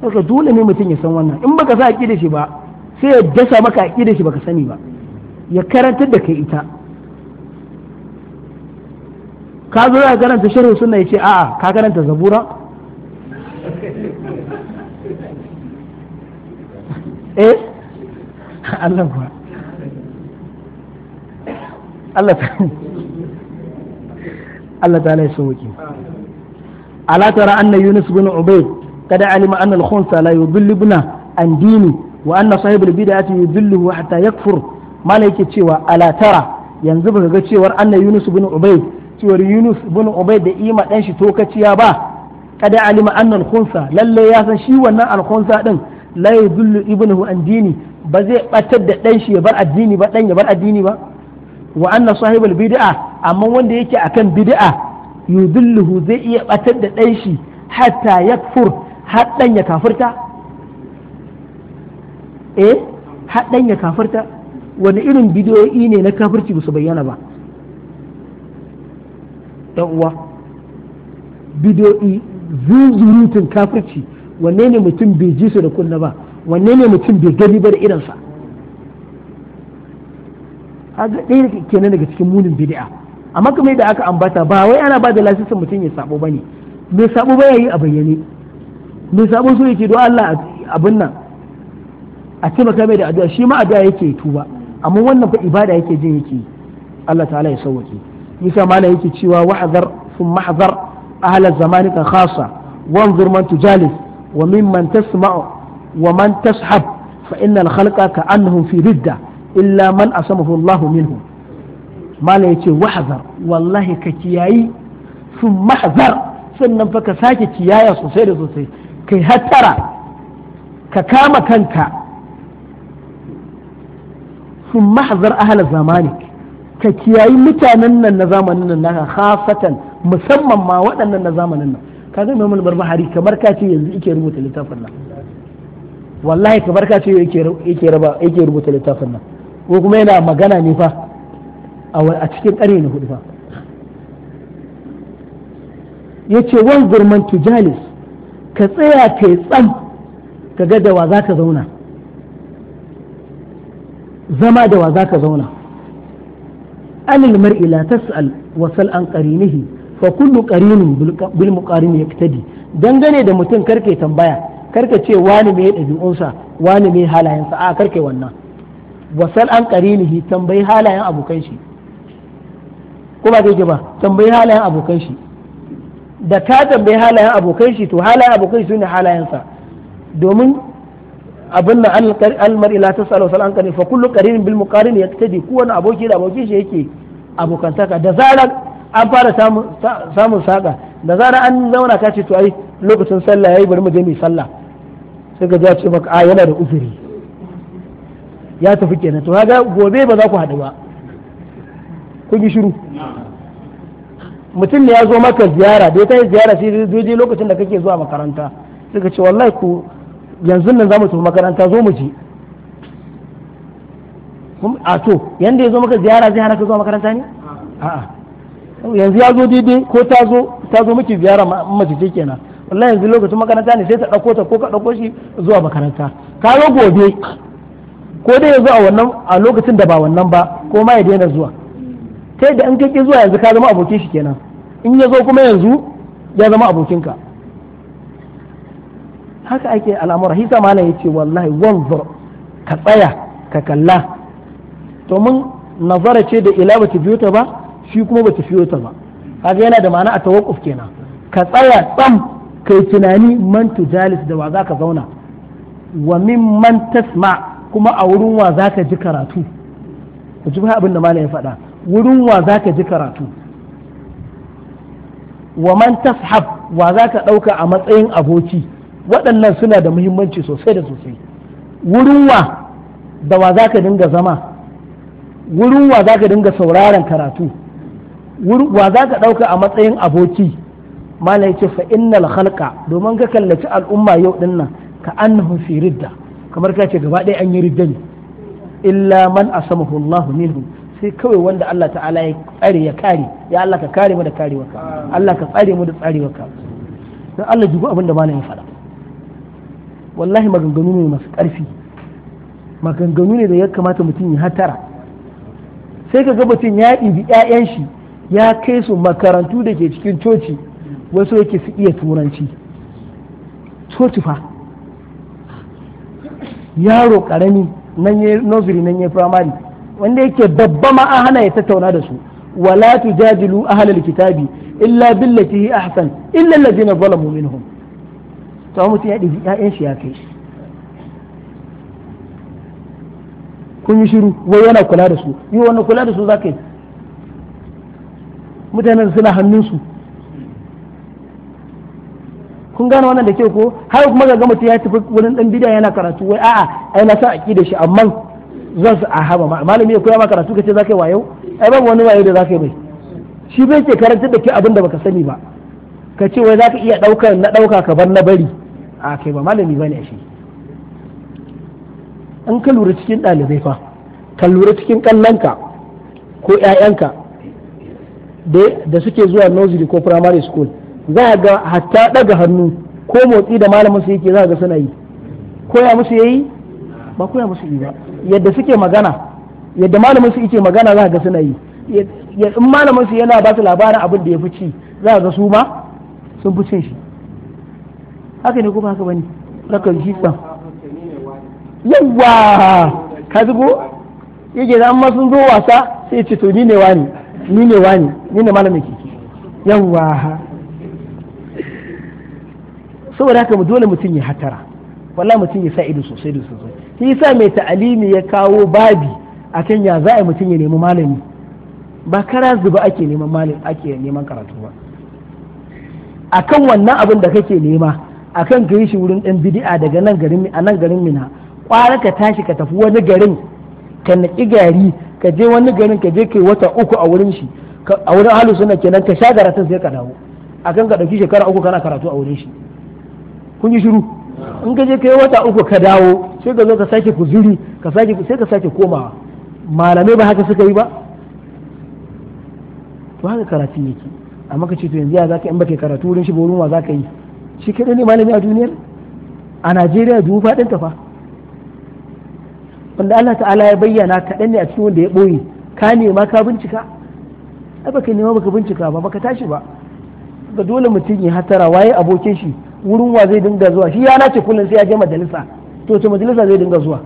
saka dole ne mutum ya san wannan in baka sa da shi ba sai ya dasa maka da shi baka sani ba ya karantar da kai ita ka zo ya karanta sharhu sunna ya ce a'a ka karanta zabura eh Allah ba Allah ta Allah ta lai sauki ala tara anna bin ubayd kada alima anna al-khunsa la yudillu ibna an dini wa anna sahib al-bid'ati cewa ala yanzu ba ga cewa anna yunus cewa yunus bin da ima dan shi ba kada alima ya san shi wannan al-khunsa dini ba zai batar da dan ya bar addini ba dan ya amma wanda yake akan bid'ah yudulluhu zai iya batar da ɗan shi hatta yakfur haɗan ya kafirta eh haɗan ya kafirta wani irin bidiyoyi ne na kafirci su bayyana ba ɗan uwa bidiyoyi zuzurutun kafirci wanne ne mutum bai ji su da kunna ba wanne ne mutum bai gani ba da irinsa a ɗaya kenan daga cikin munin bidi'a. amma kamar da aka ambata ba wai ana ba da lasisin mutum ya sabo bane mai sabo ba yayi a bayyane mai sabo so yake do Allah abin nan a ce maka mai da addu'a shi ma addu'a yake tuba amma wannan fa ibada yake jin yake Allah ta'ala ya sauwake yasa mala yake cewa wahzar sun mahzar ahla ka khassa wanzur man tujalis wa mimman tasma'u wa man tashab fa innal khalqa ka fi ridda illa man asamahu Allah minhum mala ya ce wahazar wallahi ka kiyayi sun mahazar sannan fa ka sake kiyaya sosai da sosai kai hattara ka kama kanka sun mahazar ahalar zamani ka kiyayi mutanen nan na zamanin nan naka khasatan musamman ma waɗannan na zamanin nan ka kaga imam al-barbahari kamar ka ce yanzu yake rubuta littafin nan wallahi kamar ka ce yake yake rubuta littafin nan ko kuma yana magana ne fa a cikin ƙarni na hudu ba ya ce wan gurman tujalis ka tsaya ka yi tsam ka ga da wa za ka zauna zama da wa za ka zauna anil mar'i la tas'al wasal an qarinihi fa kullu qarinin bil muqarin yaktadi dangane da mutum karke tambaya karka ce wani me ɗabi'unsa wani me halayensa a karke wannan wasal an qarinihi tambayi halayen abokan shi ko ba zai ba tambayi halayen abokan shi da ka tambayi halayen abokan shi to halayen abokan shi ne sa domin abin nan almar ila ta salo sal an kare fa kullu qarin bil muqarin yaktadi kowane aboki da abokin shi yake abokantaka da zarar an fara samun saka da zarar an zauna ka ce to ai lokacin sallah yayi bari mu je mu sallah sai ka ce maka a yana da uzuri ya tafi kenan to kaga gobe ba za ku haɗu ba kun yi shiru mutum ne ya zo maka ziyara da ta yi ziyara sai daidai lokacin da kake zuwa makaranta suka ce wallahi ku yanzu nan za mu tafi makaranta zo mu je a to yanda ya zo maka ziyara zai hana ka zuwa makaranta ne a'a yanzu ya zo daidai ko ta zo ta zo miki ziyara mace ce kenan wallahi yanzu lokacin makaranta ne sai ta ɗauko ta ko ka ɗauko shi zuwa makaranta ka zo gobe ko dai ya zo a wannan a lokacin da ba wannan ba ko ma ya daina zuwa ta yadda an kake zuwa yanzu ka zama abokin shi kenan in ya zo kuma yanzu ya zama abokinka haka ake al'amura hisa malam ya ce wallahi wanzur ka tsaya ka kalla to mun nazara ce da ila bata biyo ta ba shi kuma bata biyo ta ba haka yana da ma'ana a tawakkuf kenan ka tsaya tsam kai tunani man jalis da wa za ka zauna wa min man tasma kuma a wurin wa za ka ji karatu ku ji abin da malam ya faɗa wurin wa za ka ji karatu wa man tashab wa za ka ɗauka a matsayin aboki waɗannan suna da muhimmanci sosai da sosai wurin wa da wa za ka dinga zama wurin wa za ka dinga sauraron karatu wa za ka ɗauka a matsayin aboki mala ya ce fa innal halka domin ka kallaci al'umma yau din nan ka annahum fi ridda kamar ka ce gaba ɗaya an yi ridda ne illa man asamahu allahu minhum sai kawai wanda Allah ta'ala ya tsare ya kare ya Allah ka kare mu da karewarka Allah ka tsare mu da tsarewarka dan Allah jigo abin da malamin faɗa wallahi maganganu ne masu ƙarfi maganganu ne da ya kamata mutum ya hatara sai ka ga mutum ya ɗibi ƴaƴan shi ya kai su makarantu da ke cikin coci wasu yake su iya turanci coci fa yaro ƙarami nan ya nursery nan ya firamare wanda yake babba ma an hana ya tattauna da su wala tujadilu ahlal kitabi illa billati hi ahsan illa allazina zalamu minhum to mutum ya ɗibi ƴaƴan shi ya kai kun yi shiru wai yana kula da su yi wani kula da su za ka yi mutanen suna hannunsu kun gane wannan da ke ko har kuma ga mutum ya tafi wurin dan bidiya yana karatu wai a'a ai na san da shi amma zan su a haba malami ya koya maka karatu kace zaka yi wayo ai babu wani wayo da zaka yi bai shi bai ke karantar da ke abin da baka sani ba ka ce wai zaka iya ɗaukar na ɗauka ka bar na bari a kai ba malami bane shi in ka lura cikin ɗalibai fa ka lura cikin ka ko ‘ya'yanka da suke zuwa nursery ko primary school za ga hatta ɗaga hannu ko motsi da malamin su yake za a ga suna yi koya musu yayi ba koya musu yi ba yadda suke magana yadda malamin su yake magana za ga suna yi in malamin su yana ba su labarin abin da ya fi ci za ga su ma sun fi cin shi haka ne kuma haka bane haka shi sa yawa ka zugo yake da amma sun zo wasa sai ce to ni ne wani ni ne wani ni ne malamin ki yawa saboda haka mu dole mutum ya hatara wallahi mutum ya sa ido sosai da sosai shi yasa mai ta'alimi ya kawo babi akan ya za a mutum ya nemi malami ba kara zuba ake neman malami ake neman karatu ba akan wannan abin da kake nema akan ka yi shi wurin ɗan bidi'a daga nan garin a nan garin mina kwara ka tashi ka tafi wani garin ka naki gari ka je wani garin ka je kai wata uku a wurin shi a wurin halu suna kenan ka sha garatun sai ka dawo akan ka ɗauki shekara uku kana karatu a wurin shi kun yi shiru in ka je kai wata uku ka dawo sai ka zo ka sake kuzuri ka sake sai ka sake komawa malamai ba haka suka yi ba to haka karatu yake amma ka ce to yanzu ya zaka in baka karatu wurin shi wurin wa zaka yi shi kadai ne malami a duniyar a Najeriya duk faɗin ta fa wanda Allah ta'ala ya bayyana kaɗan ne a cikin wanda ya ɓoye ka nema ka bincika ai baka nema baka bincika ba baka tashi ba ga dole mutum ya hatara waye abokin shi wurin wa zai dinga zuwa shi ya nace kullum sai ya je majalisa to ce majalisa zai dinga zuwa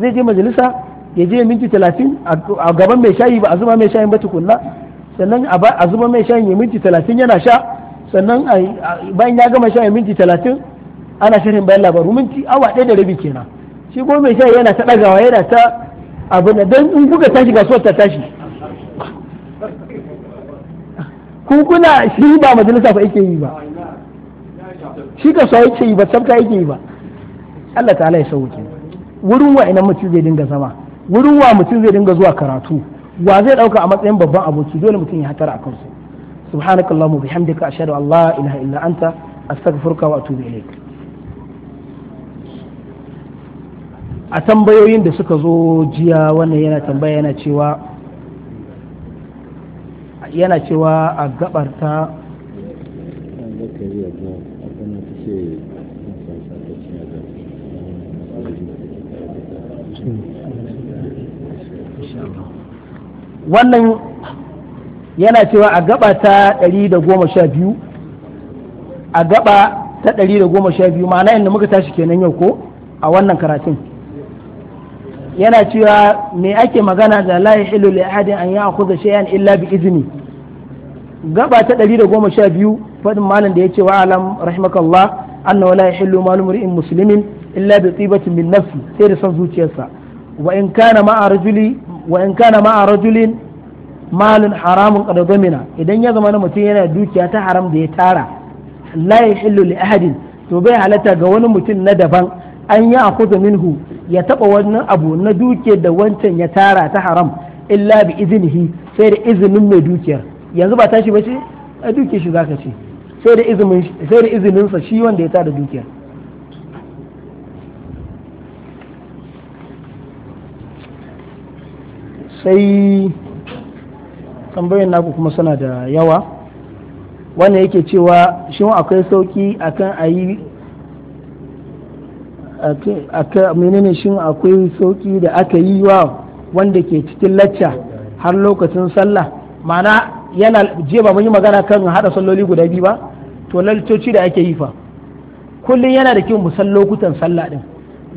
zai je majalisa ya je minti talatin a gaban mai shayi ba a zuba mai shayin ba tukunna sannan a zuba mai shayin ya minti talatin yana sha sannan bayan ya gama shayin minti talatin ana shirin bayan labaru minti awa ɗaya da rabi kenan shi kuma mai shayi yana ta ɗagawa yana ta abin da don in buga tashi kasuwar ta tashi kun kuna shi ba majalisa ba yake yi ba shi kasuwa yake yi ba tsafta yake yi ba Allah ta'ala ya sauke wurin wa ina mutum zai dinga zama wurin wa mutum zai dinga zuwa karatu wa zai dauka a matsayin babban aboki dole mutum ya hatara a kansu subhanakallahumma bihamdika ashhadu an la ilaha illa anta astaghfiruka wa atubu ilaik a tambayoyin da suka zo jiya wannan yana tambaya yana cewa yana cewa a gabar ta wannan yana cewa a gaba ta 112 a gaba ta 112 ma'ana inda muka tashi kenan yau ko a wannan karatun yana cewa me ake magana da la ilu li ahadin an ya'khudha shay'an illa bi izini? gaba ta 112 fadin malin da ya wa alam rahimakallah annahu la yahillu malu mar'in muslimin illa bi tibatin min nafsi sai da san zuciyarsa wa in kana ma'a rajuli wa in kana ma'a rajulin malin haramun qad idan ya zama mutum yana dukiya ta haram da ya tara la yahillu li ahadin to bai halatta ga wani mutum na daban an ya akhudha minhu ya taba wannan abu na dukiyar da wancan ya tara ta haram illa bi iznihi sai da izinin mai dukiyar yanzu ba tashi ce a dukiyar shi zaka ce sai da izinin sai da izinin sa shi wanda ya tara dukiyar sai tambayin naku kuma suna da yawa wanda yake cewa shin akwai sauki akan a yi menene shin akwai sauki da aka yi wa wanda ke cikin lacca har lokacin sallah ma'ana yana je ba mun yi magana kan hada salloli guda biyu ba to lalcoci da ake yi fa kullum yana da kyau mu san lokutan sallah din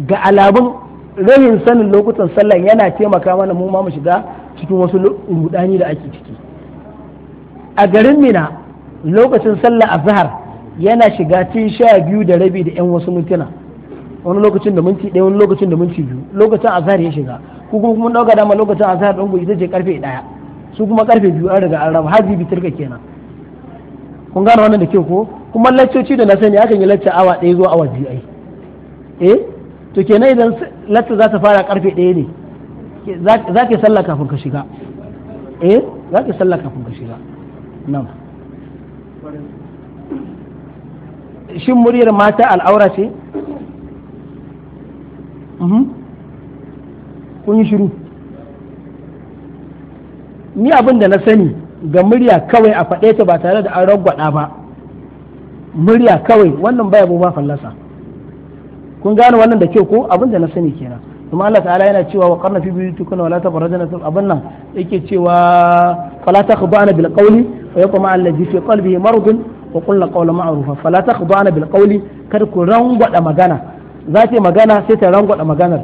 ga alamun rayin sanin lokutan sallah yana taimaka mana mu ma mu shiga cikin wasu rudani da ake ciki a garin mina lokacin sallah azhar yana shiga tun sha biyu da rabi da yan wasu mintuna wani lokacin da minti ɗaya wani lokacin da minti biyu lokacin azhar ya shiga ku kuma mun dauka dama lokacin azhar ɗin ku ita ce karfe ɗaya su kuma karfe biyu an riga an raba har bibi turka kenan kun gane wannan da kyau ko kuma laccoci da na sani akan yi lacca awa ɗaya zuwa awa biyu ai eh to kenan idan latta za ta fara karfe ɗaya ne za ka sallah kafin ka shiga eh za ka sallah kafin ka shiga nan shin muryar mata al'aura ce mhm. kun yi shiru ni abin da na sani ga murya kawai a faɗe ta ba tare da an ragwada ba murya kawai wannan baya ba fallasa kun gane wannan da kyau ko abin da na sani kenan kuma Allah ta'ala yana cewa wa qarna fi buyutikuna wa la tabarrajna abin nan yake cewa fala takhbana bil qawli wa yaqma alladhi fi qalbihi maradun wa qulna qawlan ma'rufa fala takhbana bil qawli kar ku rangwada magana za ta magana sai ta rangwada maganar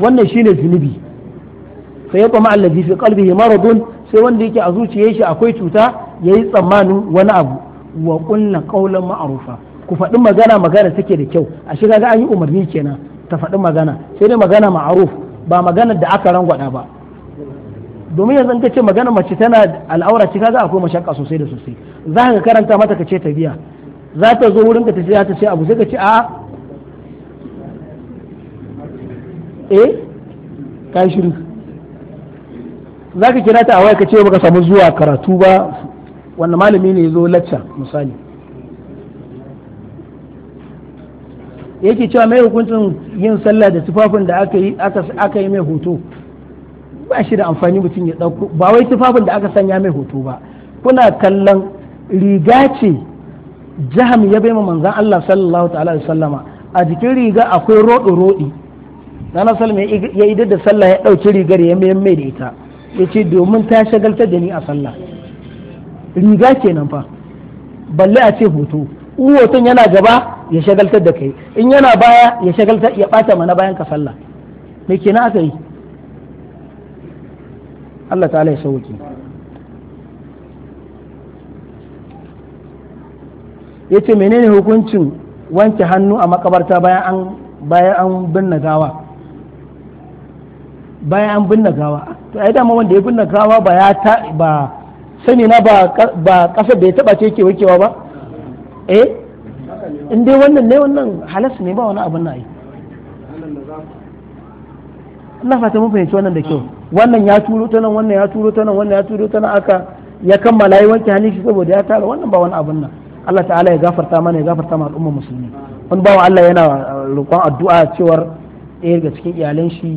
wannan shine zunubi fa yaqma alladhi fi qalbihi maradun sai wanda yake a zuciyar shi akwai cuta yayi tsammanin wani abu wa qulna qawlan ma'rufa ku faɗi magana magana take da kyau a shiga ga an yi umarni kenan ta faɗi magana sai dai magana ma'aruf ba magana da aka rangwada ba domin yanzu ka ce magana mace tana al'aura ce kaga akwai mashaka sosai da sosai za ka karanta mata ka ce ta biya za ta zo wurin ka ta ce ta ce abu sai ka ce a eh ka shiru za ka kira ta a waya ka ce baka samu zuwa karatu ba wannan malami ne ya zo lacca misali yake cewa mai hukuncin yin sallah da tufafin da aka yi aka yi mai hoto ba shi da amfani mutum ya dauko ba wai tufafin da aka sanya mai hoto ba kuna kallon riga ce jaham ya bai manzan Allah sallallahu ta'ala sallama a jikin riga akwai rodo rodi nana salma ya yi da sallah ya ɗauki rigar ya mai mai da ita yace domin ta shagaltar da ni a sallah riga kenan fa balle a ce hoto in hoton yana gaba ya shagaltar da kai in yana baya ya shagaltar ya bata mana bayan ka sallah me na aka yi Allah ta'ala ya sauke yace menene hukuncin wanke hannu a makabarta bayan an bayan an binne gawa bayan an binne gawa to ai dama wanda ya binne gawa ba ya ta ba sani na ba ba kasar da ya taba ce ke wakewa ba eh in dai wannan ne wannan halas ne ba wani abin na yi ina fata mun fahimci wannan da kyau wannan ya turo ta nan wannan ya turo ta nan wannan ya turo ta nan aka ya kammala ya wanke hannun shi saboda ya tara wannan ba wani abin nan Allah ta'ala ya gafarta mana ya gafarta ma al'umma musulmi wani bawa Allah yana roƙon addu'a cewar ɗaya daga cikin iyalan shi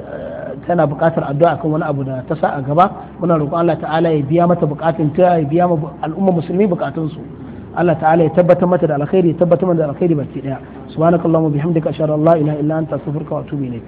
eh, tana buƙatar addu'a kan wani abu da ta sa a gaba muna roƙon Allah ta'ala ya biya mata buƙatun ta ya biya al'umma musulmi buƙatunsu su Allah ta'ala ya mata da alkhairi ya tabbatar mata da alkhairi baki daya subhanakallahumma bihamdika ashhadu an la ilaha illa anta astaghfiruka wa atubu ilaik